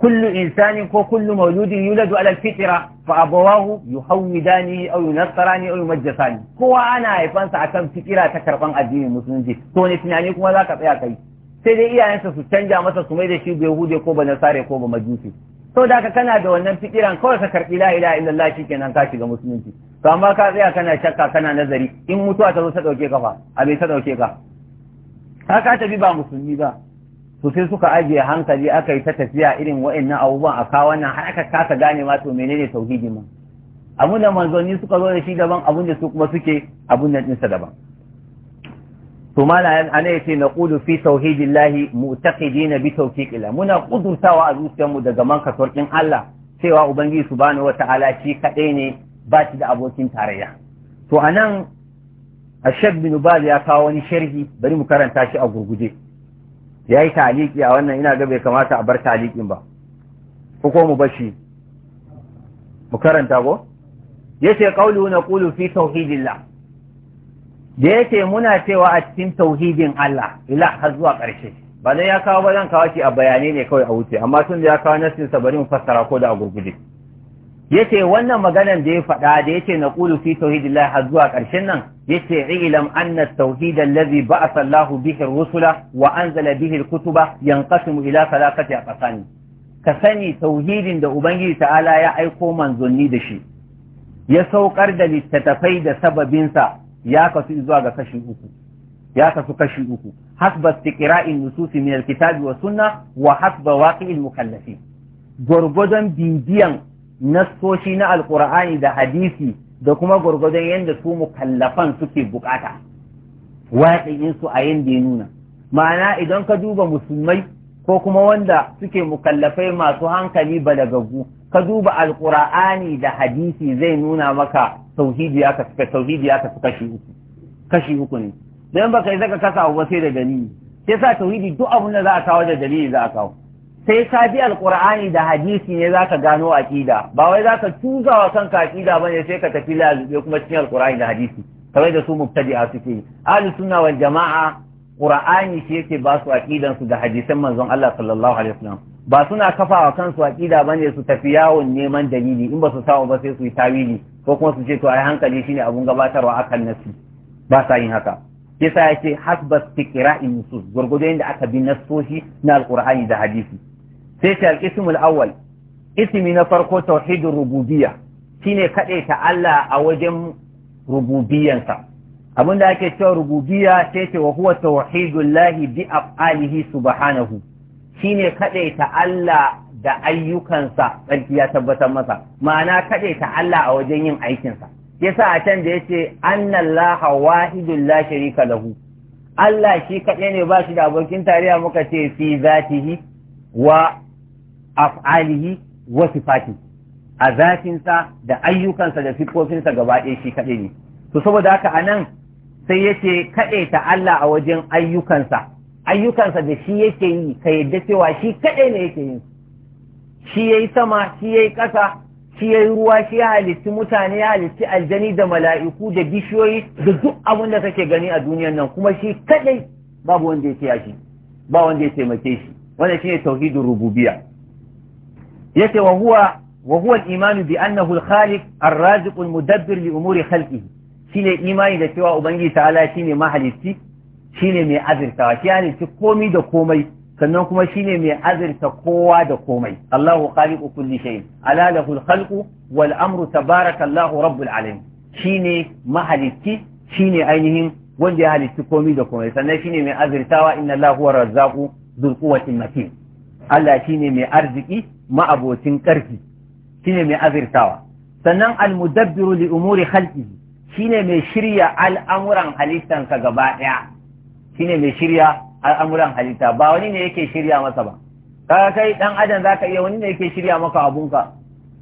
kullu Insani ko kullu mauludin yuladu ala fitira fa abawahu yuhawwidani aw yunassarani aw yumajjasani kowa ana haifansa akan fikira ta karban addinin musulunci to ne tunani kuma zaka tsaya kai sai dai iyayensa su canja masa su mai da shi bai hude ko ba nasare ko ba majusi to da ka kana da wannan fikiran kawai ka karɓi la ilaha illallah shikenan ka shiga musulunci to amma ka tsaya kana shakka kana nazari in mutuwa ta zo ta dauke ka fa a bai ta dauke ka ka ka tafi ba musulmi ba to sai suka ajiye hankali aka yi ta tafiya irin wa'annan abubuwan a kawo nan har aka kasa gane ma to menene tauhidi mu abun da ni suka zo da shi daban abun da su kuma suke abun da ɗinsa daban to malayan ana ya ce na ƙudu fi tauhidin lahi bi tawfiqillah muna ƙudurtawa a zuciyarmu daga man kasorkin Allah cewa ubangiji subhanahu wata'ala shi kaɗai ne ba shi da abokin tarayya to anan Ashab bin ya kawo wani sharhi bari mu karanta shi a gurguje ya yi taliki a wannan ina ga bai kamata a bar talikin ba ko mu bashi mu karanta ko yace na naqulu fi tauhidillah da yake muna cewa a cikin tauhidin Allah ila har zuwa ƙarshe ba dai ya kawo ba zan kawo shi a bayanai ne kawai a wuce amma tun da ya kawo nasin sa bari mu fassara ko da a gurguje yace wannan maganar da ya faɗa da yace na qulu fi tauhidillahi har zuwa ƙarshen nan yace ilam anna at-tauhid alladhi ba'atha Allah bihi ar-rusula wa anzala bihi al-kutuba yanqasimu ila thalathati aqsam ka sani tauhidin da ubangiji ta'ala ya aiko manzonni da shi ya saukar da littattafai da sababinsa ya kasu zuwa ga kashi uku ya kasu kashi uku hasba istiqra'in nususi min alkitabi wa sunna wa hasba waqi'il mukallafin gurgudan bibiyan nassoshi na alqur'ani da hadisi da kuma gurgudan yanda su mukallafan suke bukata waqi'in su a da ya nuna ma'ana idan ka duba musulmai ko kuma wanda suke mukallafai masu hankali balagaggu ka duba alqur'ani da hadisi zai nuna maka tauhidi ya tauhidi aka kashi uku kashi uku ne dan baka yi zaka kasa ba sai da dalili sai sa tauhidi duk abun da za a kawo da dalili za a kawo sai ka bi alqur'ani da hadisi ne zaka gano aqida ba wai zaka tuza wa kanka aqida bane sai ka tafi lazube kuma cikin alqur'ani da hadisi kamar da su mubtadi'a suke ahli sunna wal jama'a qur'ani shi yake ba su aqidan su da hadisan manzon Allah sallallahu alaihi wasallam ba suna kafawa kansu aƙida ba ne su tafi yawon neman dalili in ba su samu ba sai su yi tawili ko kuma su ce to ai hankali shine abun gabatarwa akan nasi ba sa yin haka kisa ya ce hasbas tiqra'in nusus gurgudu inda aka bi nasoshi na alqur'ani da hadisi sai ta al awwal ismi na farko tauhidur rububiya shine kade ta Allah a wajen rububiyansa abinda ake cewa rububiya sai ce wa huwa tauhidullahi lahi bi af'alihi subhanahu Shi shine ta Allah da ayyukansa tsarki ya tabbatar masa ma'ana ta Allah a wajen yin aikinsa yasa a can da ya ce, yace annallaha wahidul la sharika lahu Allah shi kaɗai ne ba shi da abokin tarayya muka ce fi zatihi wa af'alihi wa sifati a zafinsa da ayyukansa da siffofinsa gaba ɗaya shi kaɗai ne to saboda haka anan sai yace kaɗaita Allah a wajen ayyukansa ayyukansa da shi yake yi ka yadda cewa shi kaɗai ne yake yi shi yayi sama shi yayi ƙasa shi yayi ruwa shi ya halitti mutane ya halitti aljani da mala'iku da bishiyoyi da duk abin da kake gani a duniyan nan kuma shi kaɗai babu wanda ya ya shi ba wanda ya taimake shi wannan shine tauhidin rububiyya yace wa huwa wa huwa al-iman bi annahu al-khaliq ar-raziq al-mudabbir li umuri khalqihi shine imani da cewa ubangiji ta'ala ne mahalicci shine mai azirtawa shi halicci komai da komai sannan kuma shine mai azirta kowa da komai Allahu khaliqu kulli shay ala lahul khalqu wal amru tabarakallahu rabbul alamin ne mahalicci ne ainihin wanda ya halicci komai da komai sannan shine mai azirtawa inna Allahu huwa razzaqu dhul quwwatin matin Allah ne mai arziki ma'abocin karfi shine mai azirtawa sannan al-mudabbiru li umuri khalqihi shine mai shirya al'amuran halittanka gaba ɗaya. shine mai shirya al'amuran halitta ba wani ne yake shirya masa ba kaga kai dan adam zaka iya wani ne yake shirya maka abunka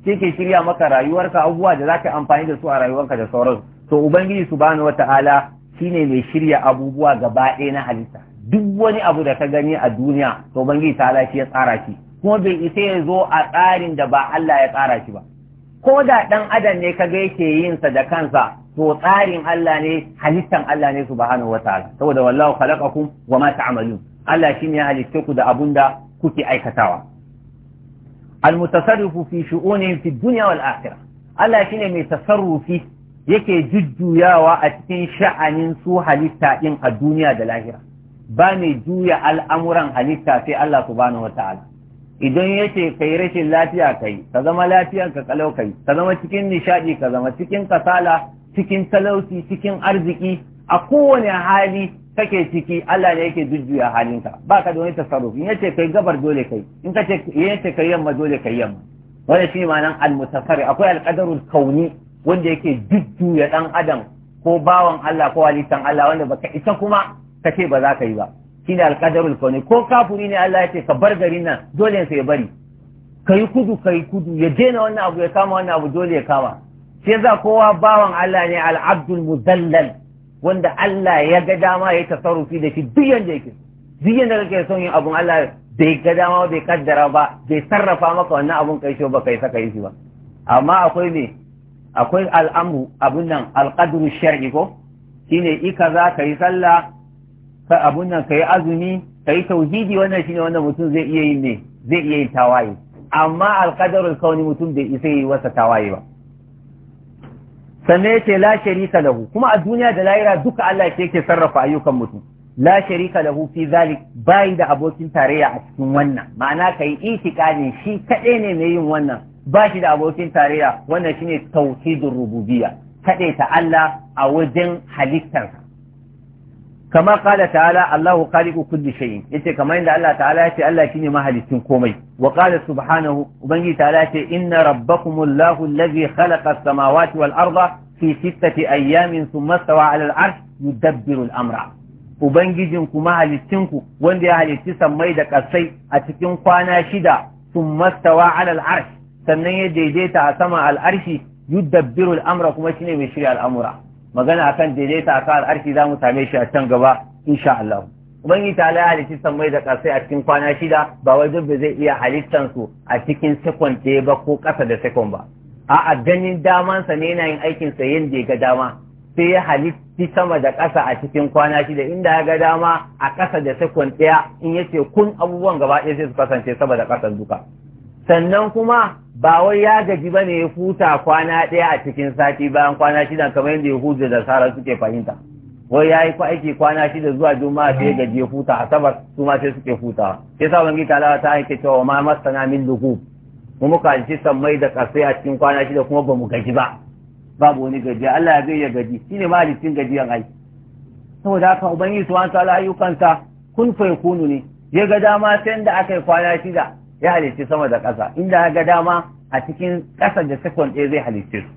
shi ke shirya maka rayuwarka abubuwa da zaka amfani da su a rayuwarka da su. to ubangiji subhanahu wata'ala shine mai shirya abubuwa gaba ɗaya na halitta duk wani abu da ka gani a duniya to ubangiji ta shi ya tsara shi kuma bai isa ya zo a tsarin da ba Allah ya tsara shi ba ko da ɗan adam ne kaga yake yin sa da kansa Ko tsarin Allah ne halittan Allah ne subhanahu wataala saboda wallahu khalaqakum wama ta'malun Allah shine ya halitte ku da abunda kuke aikatawa almutasarrifu fi shu'unihim fi dunya wal akhirah Allah shine mai tasarrufi yake jujjuyawa a cikin sha'anin su halitta ɗin a duniya da lahira ba mai juya al'amuran halitta sai Allah subhanahu wataala idan yace kai rashin lafiya kai ka zama lafiya ka kalau kai ka zama cikin nishadi ka zama cikin kasala cikin talauci cikin arziki a kowane hali kake ciki Allah ne yake jujjuya halinka baka da wani tasarruf in yace kai gabar dole kai in kace yace kai yamma dole kai yamma wannan shi nan, al-mutafarri akwai al-qadarul kauni wanda yake jujjuya dan adam ko bawan Allah ko walitan Allah wanda baka ita kuma kace ba za ka yi ba shine al-qadarul kauni ko kafuri ne Allah yace ka bar garin nan dole sai ya bari kai kudu kai kudu ya daina wannan abu ya kama wannan abu dole ya kama shi za kowa bawan Allah ne al'abdul muzallal wanda Allah ya ga dama ya tasarrufi da shi duk yanda yake duk yanda kake son yin abun Allah bai ga dama bai kaddara ba bai sarrafa maka wannan abun kai shi ba kai saka yi shi ba amma akwai ne akwai al'amru abun nan alqadru shar'i ko shine ika za ka yi sallah ka abun nan ka yi azumi ka yi tauhidi wannan shine wannan mutum zai iya yin ne zai iya yin tawaye amma alqadru kauni mutum bai isa yi wasa tawaye ba sannan yace la sharika lahu kuma a duniya da lahira duka Allah ke yake sarrafa ayyukan mutum la sharika lahu fi zalik bai da abokin tarayya a cikin wannan ma'ana kai itikadin shi kadai ne mai yin wannan ba shi da abokin tarayya wannan shine tauhidur rububiyya kade ta Allah a wajen halittarsa kama qala ta'ala Allahu khaliqu kulli shay'in yace kamar inda Allah ta'ala yace Allah shine mahalicin komai wa qala subhanahu ubangi ta'ala yace inna rabbakum Allahu allazi khalaqa as-samawati wal arda fi sittati ayyamin thumma stawa 'ala al-'arsh yudabbiru al-amra ubangijin ku mahalicin ku wanda ya halicci sammai da kasai a cikin kwana shida thumma stawa 'ala al-'arsh sannan ya daidaita a sama al-arshi yudabbiru al-amra kuma shine mai shirya al amura magana akan daidaita akan arki za mu same shi a can gaba insha Allah ubangiji ta la halitti mai da ƙasai a cikin kwana shida ba wai duk zai iya halittan su a cikin sekon ɗaya ba ko ƙasa da sekon ba a'a ganin daman sa ne yana yin aikin sa yanda ya ga dama sai ya halitti sama da ƙasa a cikin kwana shida inda ya ga dama a ƙasa da sekon ɗaya in yace kun abubuwan gaba ɗaya sai su kasance sama da ƙasan duka sannan kuma ba wai ya gaji ba ne ya futa kwana ɗaya a cikin sati bayan kwana shida kamar yadda yahudu da sara suke fahimta wai ya yi aiki kwana shida zuwa juma'a sai ya gaji ya huta asabar su ma sai suke futawa sai sa wani talawa ta aike cewa ma masana min duhu mu muka ji sammai da ƙasai a cikin kwana shida kuma ba mu gaji ba babu wani gaji Allah ya zai ya gaji shi ma halittin gajiyan aiki saboda haka ubangiji su wani ta'ala ayyukansa kun fa ne ya ga dama sai da aka yi kwana shida ya halicci sama da ƙasa inda yaga ga dama a cikin ƙasa da sekon ɗaya zai halicce su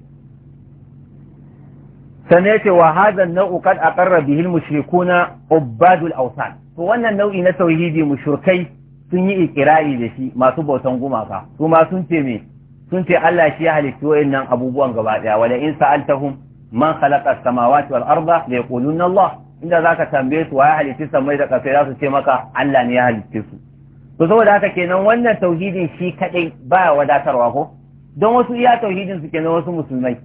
sannan ce, wa hadan nau'u kad aqarra bihi al-mushrikuna ubadul awsan to wannan nau'i na tauhidi mushrikai sun yi ikirari da shi masu bautan gumaka su ma sun ce me sun ce Allah shi ya halicci wayannan abubuwan gaba daya wala in sa'altahum man khalaqa as-samawati wal arda la yaquluna Allah inda zaka tambaye su wa ya halicci samai da ƙasa za su ce maka Allah ne ya halicce su to saboda haka kenan wannan tauhidin shi kadai baya wadatarwa ko don wasu iya tauhidin su kenan wasu musulmai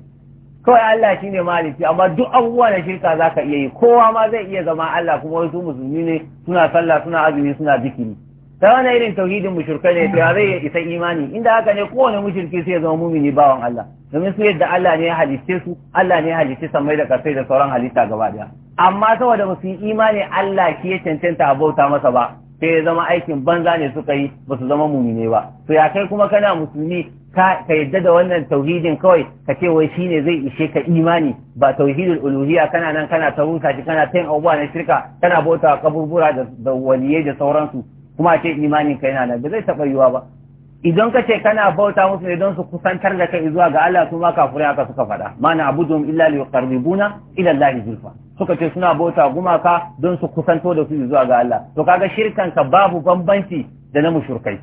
kawai Allah shi ne maliki amma duk abubuwa na shirka za ka iya yi kowa ma zai iya zama Allah kuma wasu musulmi ne suna sallah suna azumi suna zikiri ta wani irin tauhidin mushrikai ne ta zai isa imani inda haka ne kowane mushriki sai ya zama mumini bawan Allah domin su yadda Allah ne ya halicce su Allah ne ya halicce samai da kasai da sauran halitta gaba daya amma saboda ba su yi imani Allah ke cancanta a bauta masa ba sai ya zama aikin banza ne suka yi ba su zama mumine ba to ya kai kuma kana musulmi ka yadda da wannan tauhidin kawai ka ce wai shine zai ishe ka imani ba tauhidin uluhiyya kana nan kana ta rusa shi kana tayin abubuwa na shirka kana bauta kaburbura da waliyai da sauransu kuma ce imanin ka yana nan ba zai taɓa yiwa ba idan ka ce kana bauta musu ne don su kusantar da kai zuwa ga Allah kuma ma haka suka faɗa mana abudum illa li yuqarribuna ila Allah zulfa suka ce suna bauta gumaka don su kusanto da su zuwa ga Allah to kaga shirkan ka babu bambanci da na mushrikai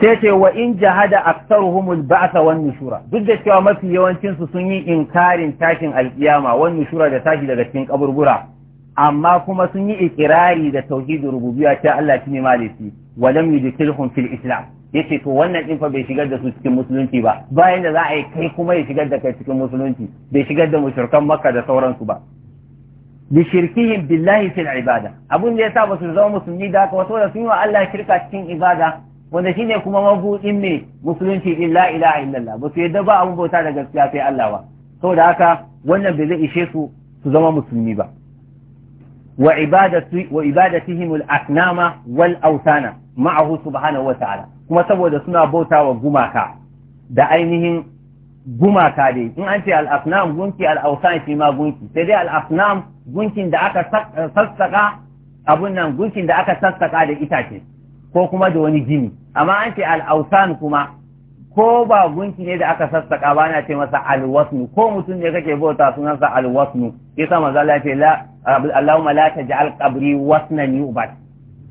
sai ce wa in jahada aktsaruhumul ba'sa wan nushura duk da cewa mafi yawancin su sun yi inkarin tashin alkiyama wan nushura da tashi daga cikin kaburbura amma kuma sun yi ikirari da tauhidur rububiyya ta Allah shine maliki walam yudkhilhum fil islam yace to wannan din fa bai shigar da su cikin musulunci ba bayan da za a yi kai kuma ya shigar da kai cikin musulunci bai shigar da mushrikan makka da sauransu ba li shirkihim billahi fil ibada abun da yasa ba su zama musulmi da haka wato da sun yi wa Allah shirka cikin ibada wanda shine kuma mabudin mai musulunci din la ilaha illallah ba su yadda ba abun bauta da gaskiya sai Allah ba saboda haka wannan bai zai ishe su su zama musulmi ba وعبادته وعبادتهم الأصنام والأوثان معه سبحانه وتعالى كما سبب سنة بوتا وغماكا da ainihin gumaka dai in an ce gunki al'ausan shi gunki sai dai al'asnam gunkin da aka eh, sassaka abun nan gunkin da aka sassaka da itace ko kuma da wani gini amma an ce al'ausan kuma ko ba gunki ne da aka sassaka bana ce masa alwasnu ko mutum ne kake bauta sunansa alwasnu isa maza la ce la Allahumma la ja'al qabri wasnan yu'bad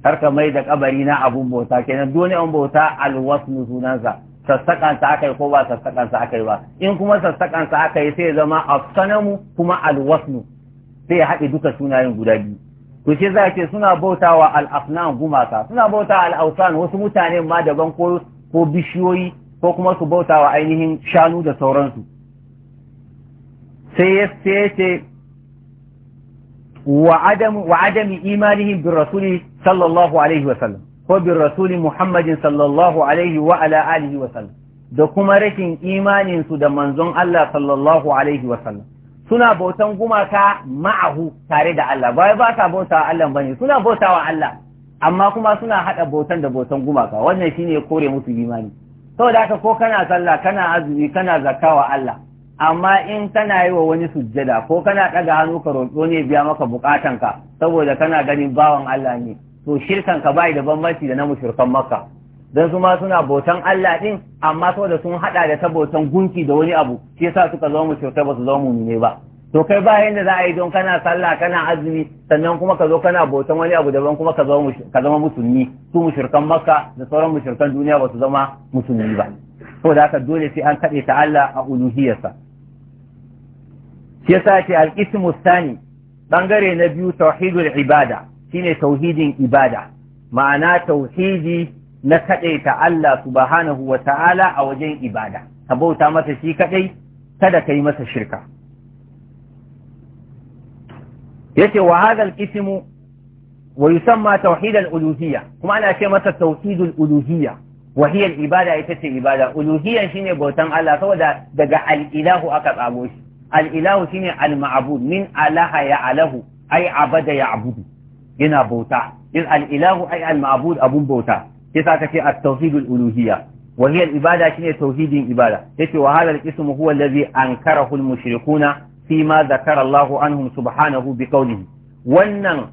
kar ka mai da kabari na abun bauta kenan dole an bauta alwasnu sunansa sassakan sa akai ko ba sassakan sa akai ba in kuma sassakan sa akai sai zama afsanamu kuma alwasnu sai ya haɗe duka sunayen guda biyu to ce za ce suna bautawa al-afnan gumaka suna bauta al-awsan wasu mutane ma daban ko ko bishiyoyi ko kuma su bautawa ainihin shanu da sauransu sai ya وعدم وعدم إيمانهم بالرسول صلى الله عليه وسلم وبالرسول محمد صلى الله عليه وعلى آله وسلم da kuma rashin imaninsu da manzon Allah sallallahu alaihi wasallam suna bautan gumaka ma'ahu tare da Allah ba ba sa bauta wa Allah bane suna bauta wa Allah amma kuma suna hada bautan da bautan gumaka wannan shine kore musu imani saboda haka ko kana sallah kana azumi kana zakawa Allah amma in kana yi wa wani sujjada ko kana ɗaga hannu ka roƙo ne biya maka ka, saboda kana ganin bawan Allah ne to shirkan ka bai da bambanci da na mushrikan maka dan su ma suna bautan Allah din amma saboda sun hada da ta bautan gunki da wani abu shi yasa suka zama shirka ba su zama ne ba to kai ba yanda za a yi don kana sallah kana azumi sannan kuma ka zo kana bautan wani abu daban kuma ka zama ka zama musulmi su mushrikan makka da sauran mushrikan duniya ba su zama musulmi ba saboda haka dole sai an kaɗe ta Allah a uluhiyarsa ya sace alƙismu sani ɓangare na biyu tauhidul ibada shine tauhidin ibada ma'ana tauhidi na kaɗaita Allah subhanahu wa ta'ala a wajen ibada ka bauta masa shi kaɗai kada ka yi masa shirka yace wa hadha al-ismu wa yusamma tauhid uluhiyya kuma ana ce masa tauhidul uluhiyya wahiyar ibada ita ce ibada uluhiyya shine bautan Allah saboda daga al aka tsago shi al'ilahu shine al-ma'bud min alaha ya alahu ai abada ya abudu yana bauta in al'ilahu ai al-ma'bud abun bauta sai sa kace at-tauhidul uluhiyya wa hiya al-ibada shine tauhidin ibada yace wa hadha al-ismu huwa alladhi ankarahu al-mushrikuna fi ma zakara Allahu anhum subhanahu bi qawlihi wannan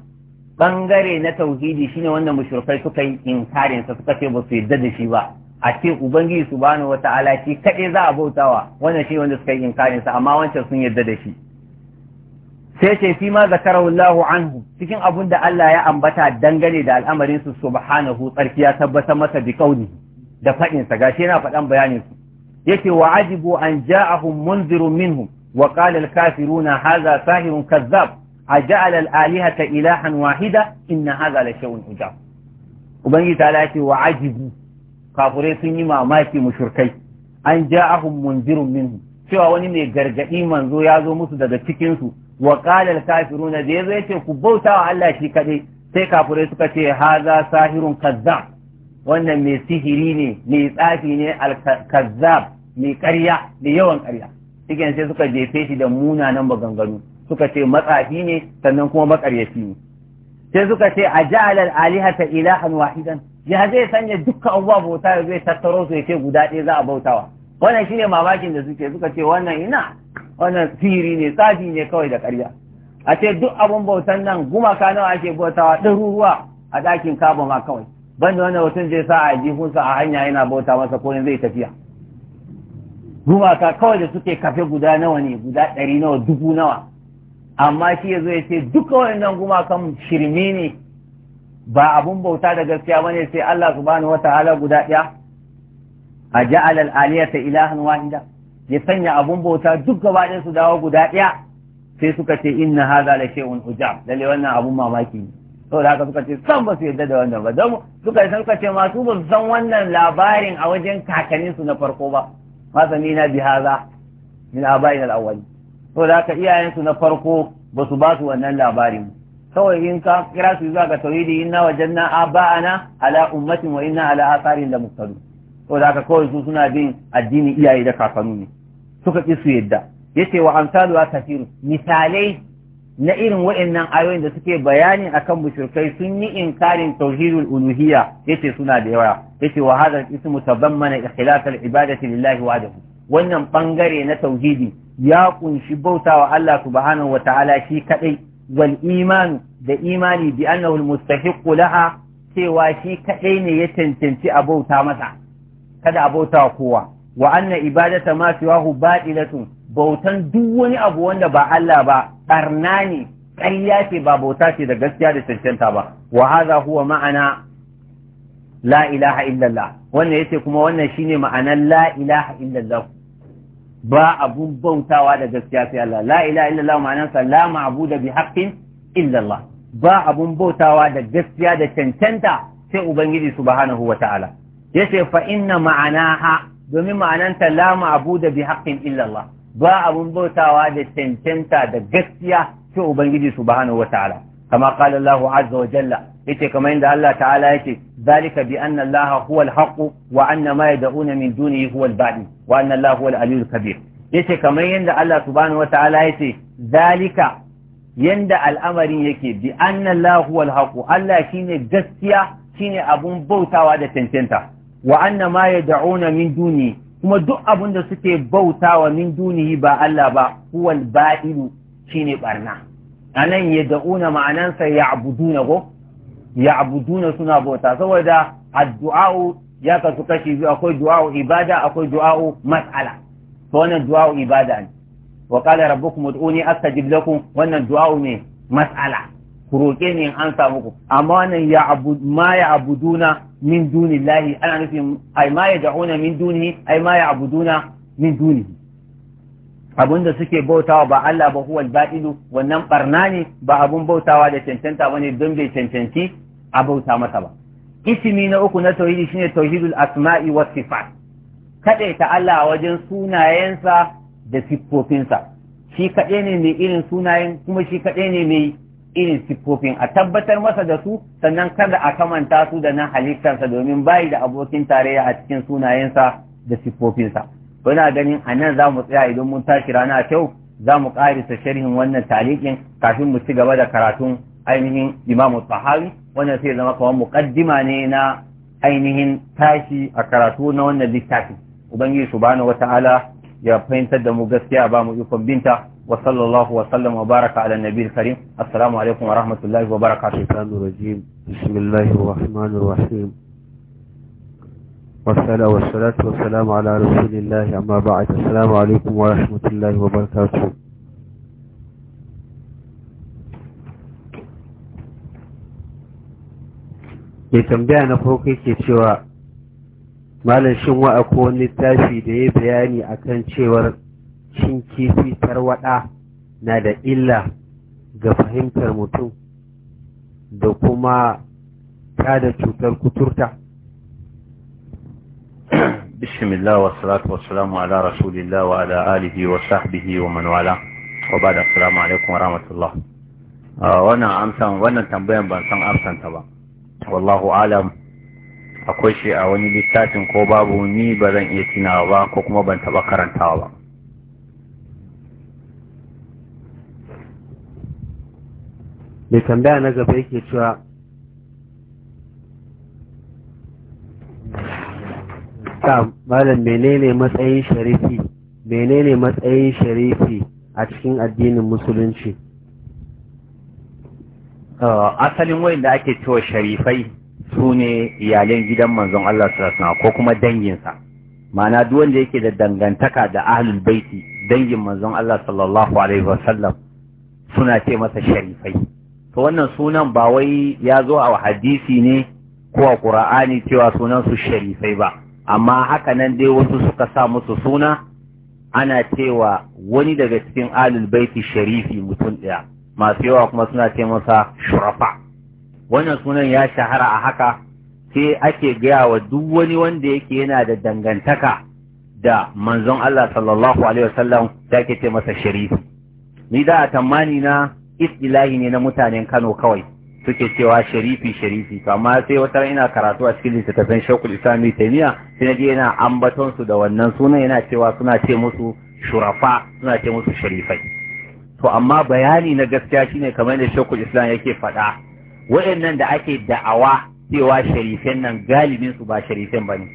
bangare na tauhidi shine wannan mushrikai suka yi inkarin sa suka ce ba su yadda da shi ba a ce ubangiji subhanahu wata'ala shi kaɗai za a bautawa wannan shi wanda suka yi inkarin sa amma wancan sun yarda da shi sai ce fi ma zakarahu anhu cikin abun da Allah ya ambata dangane da al'amarin su subhanahu tsarki ya tabbatar masa bi kauni da faɗin sa gashi yana faɗan bayanin su yake wa ajibu an ja'ahum munzirun minhum wa qala al-kafiruna hadha sahirun kazzab wahida الآلهة إلها واحدة إن هذا لشيء ta وبنجي wa وعجبوا kafurai sun yi mamaki mushrikai an ahun munzirun minhum cewa wani mai gargadi manzo ya zo musu daga cikin su wa qala al-kafiruna da yazo yace ku bautawa Allah shi kaɗai. sai kafurai suka ce haza sahirun kazzab wannan mai sihiri ne mai tsafi ne al-kazzab mai ƙarya da yawan ƙarya cikin sai suka jefe shi da munanan maganganu suka ce matsafi ne sannan kuma maƙaryaci ne sai suka ce a ja'ala alihata ilahan wahidan ya zai sanya dukkan abubuwa bauta ya zai tattaro su ya ce guda ɗaya za a bautawa wannan shine mamakin da suke suka ce wannan ina wannan sihiri ne tsafi ne kawai da karya. a ce duk abun bautan nan gumaka nawa ake bautawa ɗaruruwa a ɗakin kaba ma kawai banda wannan mutum zai sa a jihunsa a hanya yana bauta masa ko zai tafiya gumaka kawai da suke kafe guda nawa ne guda ɗari nawa dubu nawa amma shi ya zo ya ce duka wannan gumakan shirme ne ba abun bauta da gaskiya bane sai Allah subhanahu wataala guda ɗaya a ja'ala al-aliyata ilahan wahida ya sanya abun bauta duk gaba ɗaya su dawo guda ɗaya sai suka ce inna hadha la shay'un ujab lalle wannan abun mamaki ne saboda haka suka ce san ba su yadda da wannan ba don suka yi suka ce masu ba su san wannan labarin a wajen kakannin su na farko ba ma sami na bi haza min abayin al-awwali saboda haka iyayen su na farko ba su ba su wannan labarin kawai in ka kira su zuwa ga tauhidi inna wajanna aba'ana ala ummatin wa inna ala atharin da muktadu to da haka kawai su suna bin addini iyaye da kakanni ne suka ki su yadda yace wa amsalu kafiru misalai na irin wa'annan ayoyin da suke bayani akan mushrikai sun yi inkarin tauhidul uluhiyya yace suna da yawa yace wa hadha ismu tabammana ikhlas al-ibadati lillahi wahdahu wannan bangare na tauhidi ya kunshi bautawa Allah subhanahu wa ta'ala shi kadai wal iman da imani bi annahu almustahiqqu laha cewa shi kadai ne ya cancanci abauta masa kada abauta kowa wa anna ibadata ma siwahu batilatun bautan duk wani abu wanda ba Allah ba barna ne ƙarya ce ba bauta ce da gaskiya da cancanta ba wa hadha huwa ma'ana la ilaha illallah wannan yace kuma wannan shine ma'anan la ilaha illallah ba abun bautawa da gaskiya sai Allah la ilaha illallah ma'anansa la ma'budu bi haqqin illallah ba abun bautawa da gaskiya da cancanta sai ubangiji subhanahu wata'ala yace fa inna ma'anaha domin ma'ananta la ma'budu bi haqqin illallah ba abun bautawa da cancanta da gaskiya sai ubangiji subhanahu wata'ala kama qala Allahu azza wa jalla yace kamar yadda Allah ta'ala yake zalika bi anna Allah huwa al-haqq wa anna ma yad'una min dunihi huwa al-batil wa anna Allah huwa al-aliyyul kabir yace kamar yadda Allah subhanahu wata'ala yace zalika yanda al'amarin yake bi annallahu wal haqu Allah ne gaskiya shine abun bautawa da tantanta wa anna ma yad'una min duni kuma duk abun da suke bautawa min dunihi ba Allah ba huwal ba'ilu shine barna anan yad'una ma'anansa ya'buduna go suna bauta saboda addu'a'u ya kasu kashi biyu akwai du'a'u ibada akwai du'a mas'ala to wannan du'a'u ibada ne wa qala rabbukum ud'uni astajib lakum wannan du'a ne mas'ala ku roƙe ni in an samu ku amma ya abu ma ya abuduna min dunillahi ana nufin ai ma ya da'una min dunihi ai ma ya min suke bautawa ba Allah ba huwal ba'ilu wannan barna ne ba abun bautawa da cancanta bane don bai cancanci a bauta masa ba ismi na uku na tauhidi shine tauhidul asma'i was sifat ta Allah wajen sunayensa da siffofinsa shi kaɗai ne mai irin sunayen kuma shi kaɗai ne mai irin siffofin a tabbatar masa da su sannan kada a kamanta su da na halittarsa domin bayi da abokin tarayya a cikin sunayensa da siffofinsa kuna ganin a nan za mu tsaya idan mun tashi rana kyau za mu ƙarisa sharhin wannan talikin kafin mu ci gaba da karatun ainihin imamu tsahawi wannan sai zama kamar muƙaddima ne na ainihin tashi a karatu na wannan littafin ubangiji subhanahu wata'ala ya fahimtar da mu gaskiya ba mu ikon binta wa sallallahu wa sallam wa baraka ala nabiyil karim assalamu alaikum wa rahmatullahi wa barakatuh shaitanur rajim bismillahir rahmanir rahim والصلاة wa والسلام على رسول الله أما بعد السلام wa ورحمة wa وبركاته mai tambaya na farko yake cewa malam wa akwai wani littafi da ya bayani akan cewar cin kifi tarwada na da illa ga fahimtar mutum da kuma tada cutar kuturta bismillah wa salatu wa salamu ala rasulillah wa ala alihi wa sahbihi wa man wala wa ba da alaikum wa rahmatullah ah, wannan wannan tambayan ban san amsanta ba wallahu alam akwai shi a wani littafin ko babu ni ba zan iya tunawa ba ko kuma ban taɓa karantawa ba mai tambaya na gaba yake cewa ta malam menene matsayin sharifi menene matsayin sharifi a cikin addinin musulunci uh, asalin wayan da ake cewa sharifai su ne iyalan gidan manzon Allah sallallahu ko kuma danginsa ma'ana duk wanda yake da dangantaka da ahlul baiti dangin manzon Allah sallallahu alaihi wasallam suna ce masa sharifai to wannan sunan ba wai ya zo a hadisi ne ko a qur'ani cewa sunan su sharifai ba amma haka nan dai wasu suka sa musu suna ana cewa wani daga cikin ahlul baiti sharifi mutum ɗaya masu yawa kuma suna ce masa shurafa wannan sunan ya shahara a haka sai ake gaya wa duk wani wanda yake yana da dangantaka da manzon Allah sallallahu alaihi wasallam da ke ce masa sharif ni da a tamani na istilahi ne na mutanen Kano kawai suke cewa sharifi sharifi to amma sai wata ina karatu a cikin littafin Sheikhul Islam Taymiya sai naji yana ambaton su da wannan sunan yana cewa suna ce musu shurafa suna ce musu sharifai to amma bayani na gaskiya shine kamar da Sheikhul Islam yake faɗa Waɗannan da ake da'awa cewa sharifin nan galibin su ba sharifin bane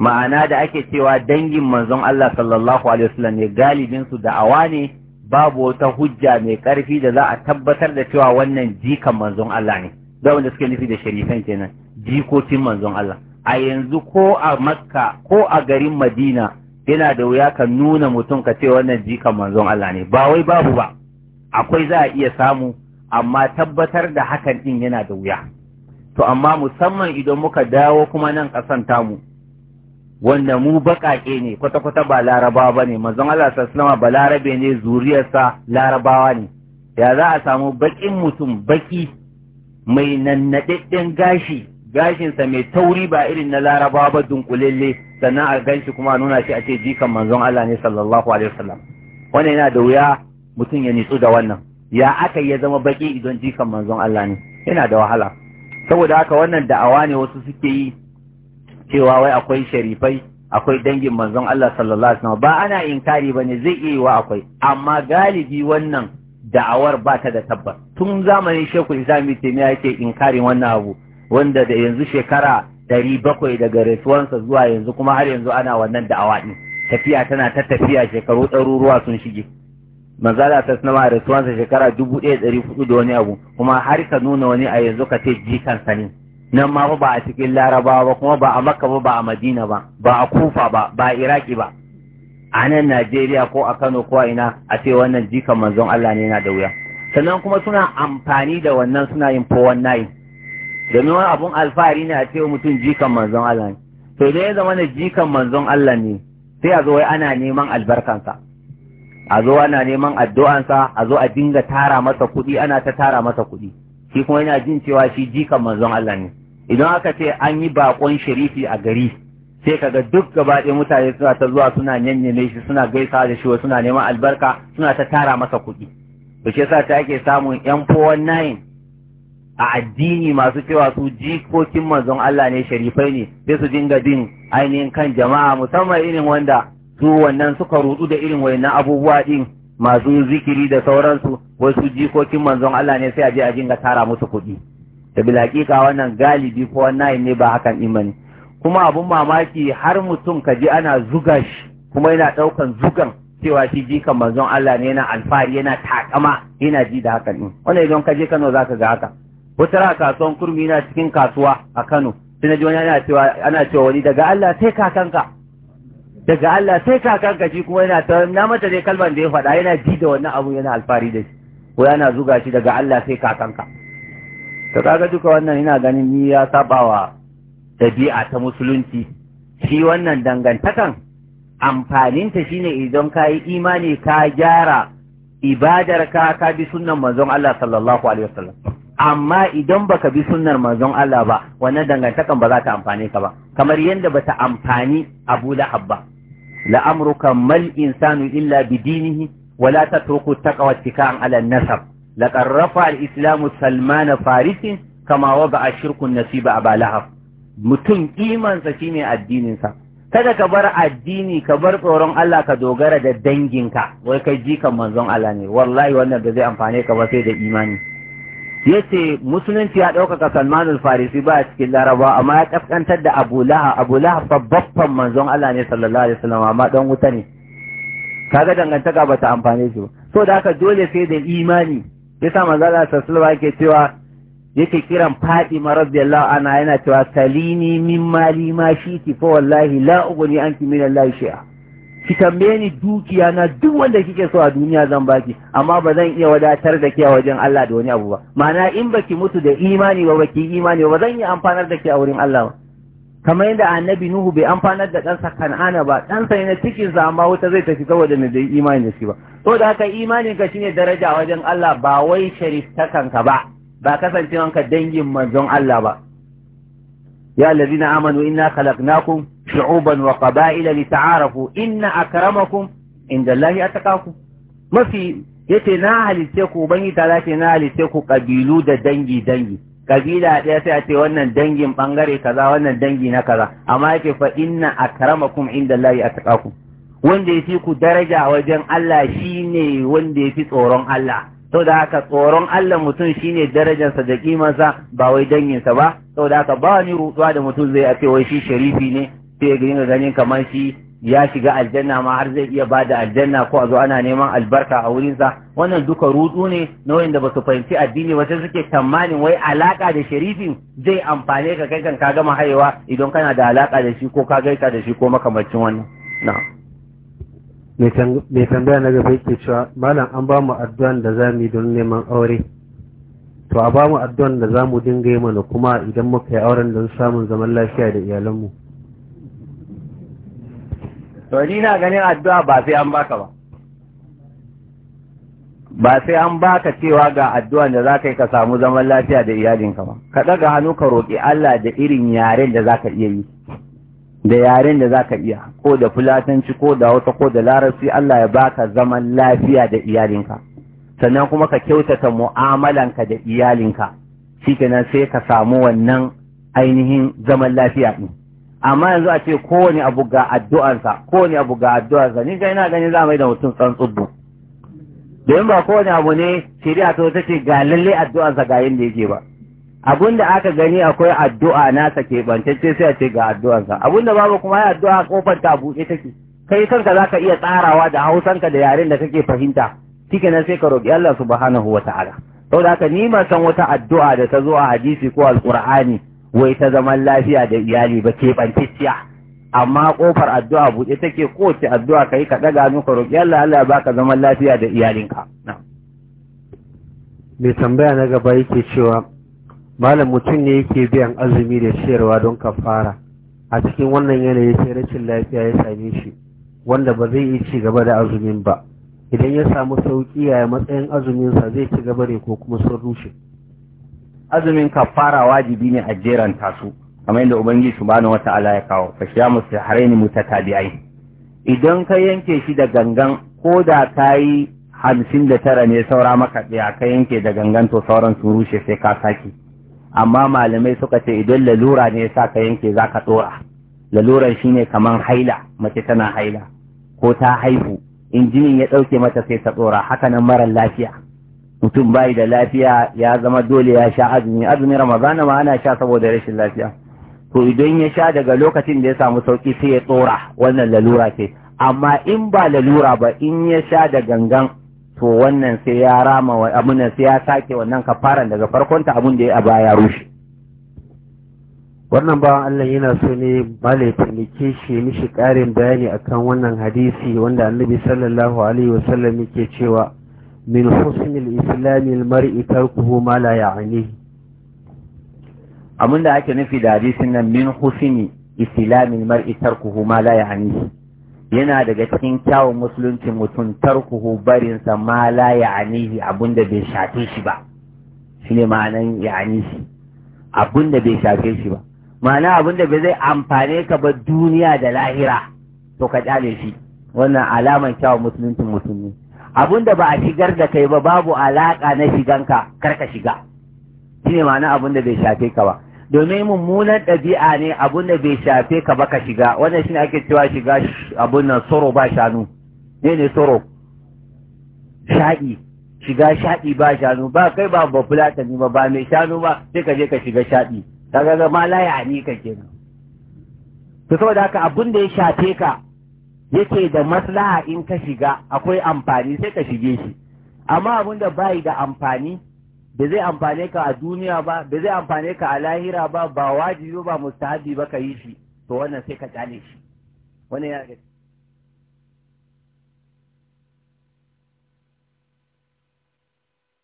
ma'ana da ake cewa dangin manzon Allah sallallahu alaihi wasallam ne galibin su da'awa ne babu wata hujja mai karfi da za a tabbatar da cewa wannan jikan manzon Allah ne da wanda suke nufi da sharifan kenan jikokin manzon Allah a yanzu ko a makka ko a garin madina yana da wuya ka nuna mutum ka ce wannan jikan manzon Allah ne ba wai babu ba akwai za a iya samu amma tabbatar da hakan ɗin yana da wuya to amma musamman idan muka dawo kuma nan ƙasan tamu wanda mu baƙaƙe ne kwata-kwata ba larabawa ba ne manzon Allah sallama ba larabe ne zuriyarsa larabawa ne ya za a samu baƙin mutum baƙi mai nannaɗaɗɗen gashi gashinsa mai tauri ba irin na larabawa ba dunkulelle sannan a ganshi kuma a nuna shi a ce jikan manzon Allah ne sallallahu alaihi wasallam wannan yana da wuya mutum ya nitsu da wannan ya aka ya zama baki idan jikan manzon Allah ne yana da wahala saboda haka wannan da'awa ne wasu suke yi cewa wai akwai sharifai akwai dangin manzon Allah sallallahu alaihi wasallam ba ana inkari bane zai iya wa akwai amma galibi wannan da'awar ba ta da tabbas tun zamanin Shehu Islam Ibn yake inkarin wannan abu wanda da yanzu shekara ɗari bakwai daga rasuwansa zuwa yanzu kuma har yanzu ana wannan da'awa ɗin tafiya tana ta tafiya shekaru ɗaruruwa sun shige manzala ta sanama a rasuwansa shekara dubu ɗaya ɗari hudu da wani abu kuma har ka nuna wani a yanzu ka ce jikan sani nan ma ba a cikin larabawa ba kuma ba a makka ba ba a madina ba ba a kufa ba ba a iraki ba a nan najeriya ko a kano ko a ina a ce wannan jikan manzon allah ne yana da wuya sannan kuma suna amfani da wannan suna yin fo domin wani abun alfahari ne a ce mutum jikan manzon allah ne to idan ya zama na jikan manzon allah ne sai a zo wai ana neman albarkansa a zo ana neman addu'ansa a zo a dinga tara masa kuɗi ana ta tara masa kuɗi shi kuma yana jin cewa shi jikan manzon Allah ne idan aka ce an yi bakon sharifi a gari sai kaga duk gaba ɗaya mutane suna ta zuwa suna nyanyane shi suna gaisawa da shi suna neman albarka suna ta tara masa kuɗi to shi yasa ta ake samun yan nayin a addini masu cewa su jikokin manzon Allah ne sharifai ne sai su dinga bin ainihin kan jama'a musamman irin wanda su wannan suka rudu da irin wai na abubuwa din masu zikiri da sauransu wasu jikokin manzon Allah ne sai a je a jinga tara musu kuɗi da bilakika wannan galibi ko wannan ne ba hakan imani kuma abun mamaki har mutum ka ji ana zuga shi kuma yana ɗaukan zugan cewa shi jikan manzon Allah ne yana alfahari yana takama yana ji da hakan din wannan idan ka je Kano za ka ga haka wata kasuwan kurmi na cikin kasuwa a Kano sai na ji wani ana cewa ana cewa wani daga Allah sai kakanka daga Allah sai kakanka shi kuma yana ta na mata dai kalman da ya faɗa yana ji da wannan abu yana alfari da shi ko yana zuga shi daga Allah sai kakanka to kaga duka wannan ina ganin ni ya sabawa dabi'a ta musulunci shi wannan dangantakan amfaninta shine idan ka yi imani ka gyara ibadar ka ka bi sunnan manzon Allah sallallahu alaihi wasallam amma idan baka bi sunnar manzon Allah ba wannan dangantakan ba za ta amfane ka ba kamar yadda bata amfani Abu Lahab ba la'amruka mal insanu illa bidinihi wala tatruku taqwa tikan ala nasab laqad rafa al-islamu salmana farisin kama wada shirkun nasiba aba lahab mutum imansa shine addininsa kada ka bar addini ka bar tsoron Allah ka dogara da danginka wai kai jikan manzon Allah ne wallahi wannan da zai amfane ka ba sai da imani yace musulunci ya ɗaukaka salmanul farisi ba a cikin laraba amma ya ƙasƙantar da abu laha abu laha babban manzon Allah ne sallallahu alaihi wasallam amma dan wuta ne kaga dangantaka ba ta amfane shi ba so da haka dole sai da imani yasa manzo Allah sallallahu alaihi yake cewa yake kiran Fatima radiyallahu anha yana cewa salini min mali ma shiti fa wallahi la ubuni anki min Allah shay'a ki tambaye ni dukiya na duk wanda kike so a duniya zan baki amma ba zan iya wadatar da ke a wajen Allah da wani abu ba ma'ana in baki mutu da imani ba baki imani ba zan iya amfanar da ke a wurin Allah ba kamar yadda annabi Nuhu bai amfanar da ɗansa Kan'ana ba ɗansa ne na cikin sa amma wuta zai tafi saboda na da imani da shi ba to da haka imanin ka shine daraja a wajen Allah ba wai sharif ta kanka ba ba kasancewanka dangin manzon Allah ba يا الذين آمنوا إنا خلقناكم شعوبا وقبائل لتعارفوا إن أكرمكم عند الله أتقاكم ما في yace na halitte ku ubangi ta ce na halitte ku kabilu da dangi dangi kabila ya sai a ce wannan dangin bangare kaza wannan dangi na kaza amma yake fa inna akramakum inda Allahi atqakum wanda ya fi ku daraja wajen Allah shine wanda ya fi tsoron Allah da haka tsoron Allah mutum shine darajarsa da kimarsa ba wai danginsa ba da haka ba wani rutuwa da mutum zai ake wai shi sharifi ne sai ga ganin kamar shi ya shiga aljanna ma har zai iya ba da aljanna ko a zo ana neman albarka a wurinsa wannan duka rudu ne na wanda ba su fahimci addini ba sai suke tamanin wai alaka da sharifin zai amfane ka kai kan ka gama haihuwa idan kana da alaka da shi ko ka gaita da shi ko makamancin wannan na'am mai tambaya na gaba yake cewa malam an ba mu addu'an da za mu yi don neman aure to a ba mu addu'an da za mu dinga yi mana kuma idan muka yi auren don samun zaman lafiya da iyalanmu to ni na ganin addu'a ba sai an baka ba ba sai an baka cewa ga addu'an da za ka yi ka samu zaman lafiya da iyalinka ba ka ɗaga hannu ka roƙi Allah da irin yaren da za ka iya yi da yaren da za ka iya ko da fulatanci ko da wata ko da larabci Allah ya baka zaman lafiya da iyalinka sannan kuma ka kyautata mu'amalanka da iyalinka shikenan sai ka samu wannan ainihin zaman lafiya ɗin amma yanzu a ce kowane abu ga addu'arsa kowane abu ga addu'arsa ni ga ina ganin za mai da mutum tsubbu domin ba kowane abu ne shari'a to ta ce ga lalle addu'arsa ga ya yake ba abun da aka gani akwai addu'a nasa bantacce sai a ce ga addu'ansa abun da babu kuma ya addu'a kofar ta buɗe take kai kanka zaka iya tsarawa da hausanka da yaren da kake fahimta shike nan sai ka roƙi Allah subhanahu wa ta'ala saboda haka ni ma san wata addu'a da ta zo a hadisi ko alqur'ani wai ta zaman lafiya da iyali ba ke bantacciya amma kofar addu'a buɗe take ko ce addu'a kai ka daga mu ka roƙi Allah Allah baka zaman lafiya da iyalinka mai tambaya na gaba yake cewa malam mutum ne yake biyan azumi da ciyarwa don kafara a cikin wannan yanayi sai rashin lafiya ya same shi wanda ba zai yi ci gaba da azumin ba idan ya samu sauki a matsayin azuminsa zai ci gaba ne ko kuma sun rushe azumin kafara wajibi ne a jeran tasu kamar yadda ubangiji subhanahu wata'ala ya kawo fa shi mu saharaini mutatabi'ai idan ka yanke shi da gangan ko da kayi hamsin da tara ne saura maka ɗaya ka yanke da gangan to sauran su rushe sai ka sake amma malamai suka ce idan lalura ne ya sa ka yanke za ka tsora, laluran shine kamar haila mace tana haila ko ta haihu in jinin ya ɗauke mata sai ta tsora, haka nan marar lafiya mutum bai da lafiya ya zama dole ya sha azumi azumi ramadana ma ana sha saboda rashin lafiya to idan ya sha daga lokacin da ya samu sauki sai ya tsora wannan lalura ce amma in ba lalura ba in ya sha da gangan to wannan sai ya rama wa Amina sai ya sake wannan kafaran daga farkonta abin da ya aba ya rushe wannan bawan Allah yana so ne bale taimake shi mishi ƙarin bayani akan wannan hadisi wanda annabi sallallahu alaihi wasallam yake cewa min husnil islami almar'i tarkuhu ma la ya'ni abinda ake nufi da hadisin nan min husni islami almar'i tarkuhu ma la ya'ni yana daga cikin kyawun musulunci mutum tarkuhu barinsa ma la anihi abinda bai shafe shi ba shine ma'anan anihi abinda bai shafe shi ba ma'ana abinda bai zai amfane ka ba duniya da lahira to ka kyale shi wannan alaman kyawun musulunci mutum ne abinda ba a shigar da kai ba babu alaka na shiganka kar ka shiga shine ma'ana abinda bai shafe ka ba domin mummunan ɗabi'a ne abun da bai shafe ka ba ka shiga wannan ne ake cewa shiga abun nan tsoro ba shanu ne ne tsoro shaɗi shiga shaɗi ba shanu ba kai ba ba ne ba ba mai shanu ba sai ka je ka shiga shaɗi kaga zama laya ne ka kenan to saboda haka abun da ya shafe ka yake da maslaha in ka shiga akwai amfani sai ka shige shi amma abun da bai da amfani ba zai amfane ka a duniya ba ba zai amfane ka a lahira ba ba wajibi ba mustahabi ba ka yi shi to wannan sai ka kyale shi wannan ya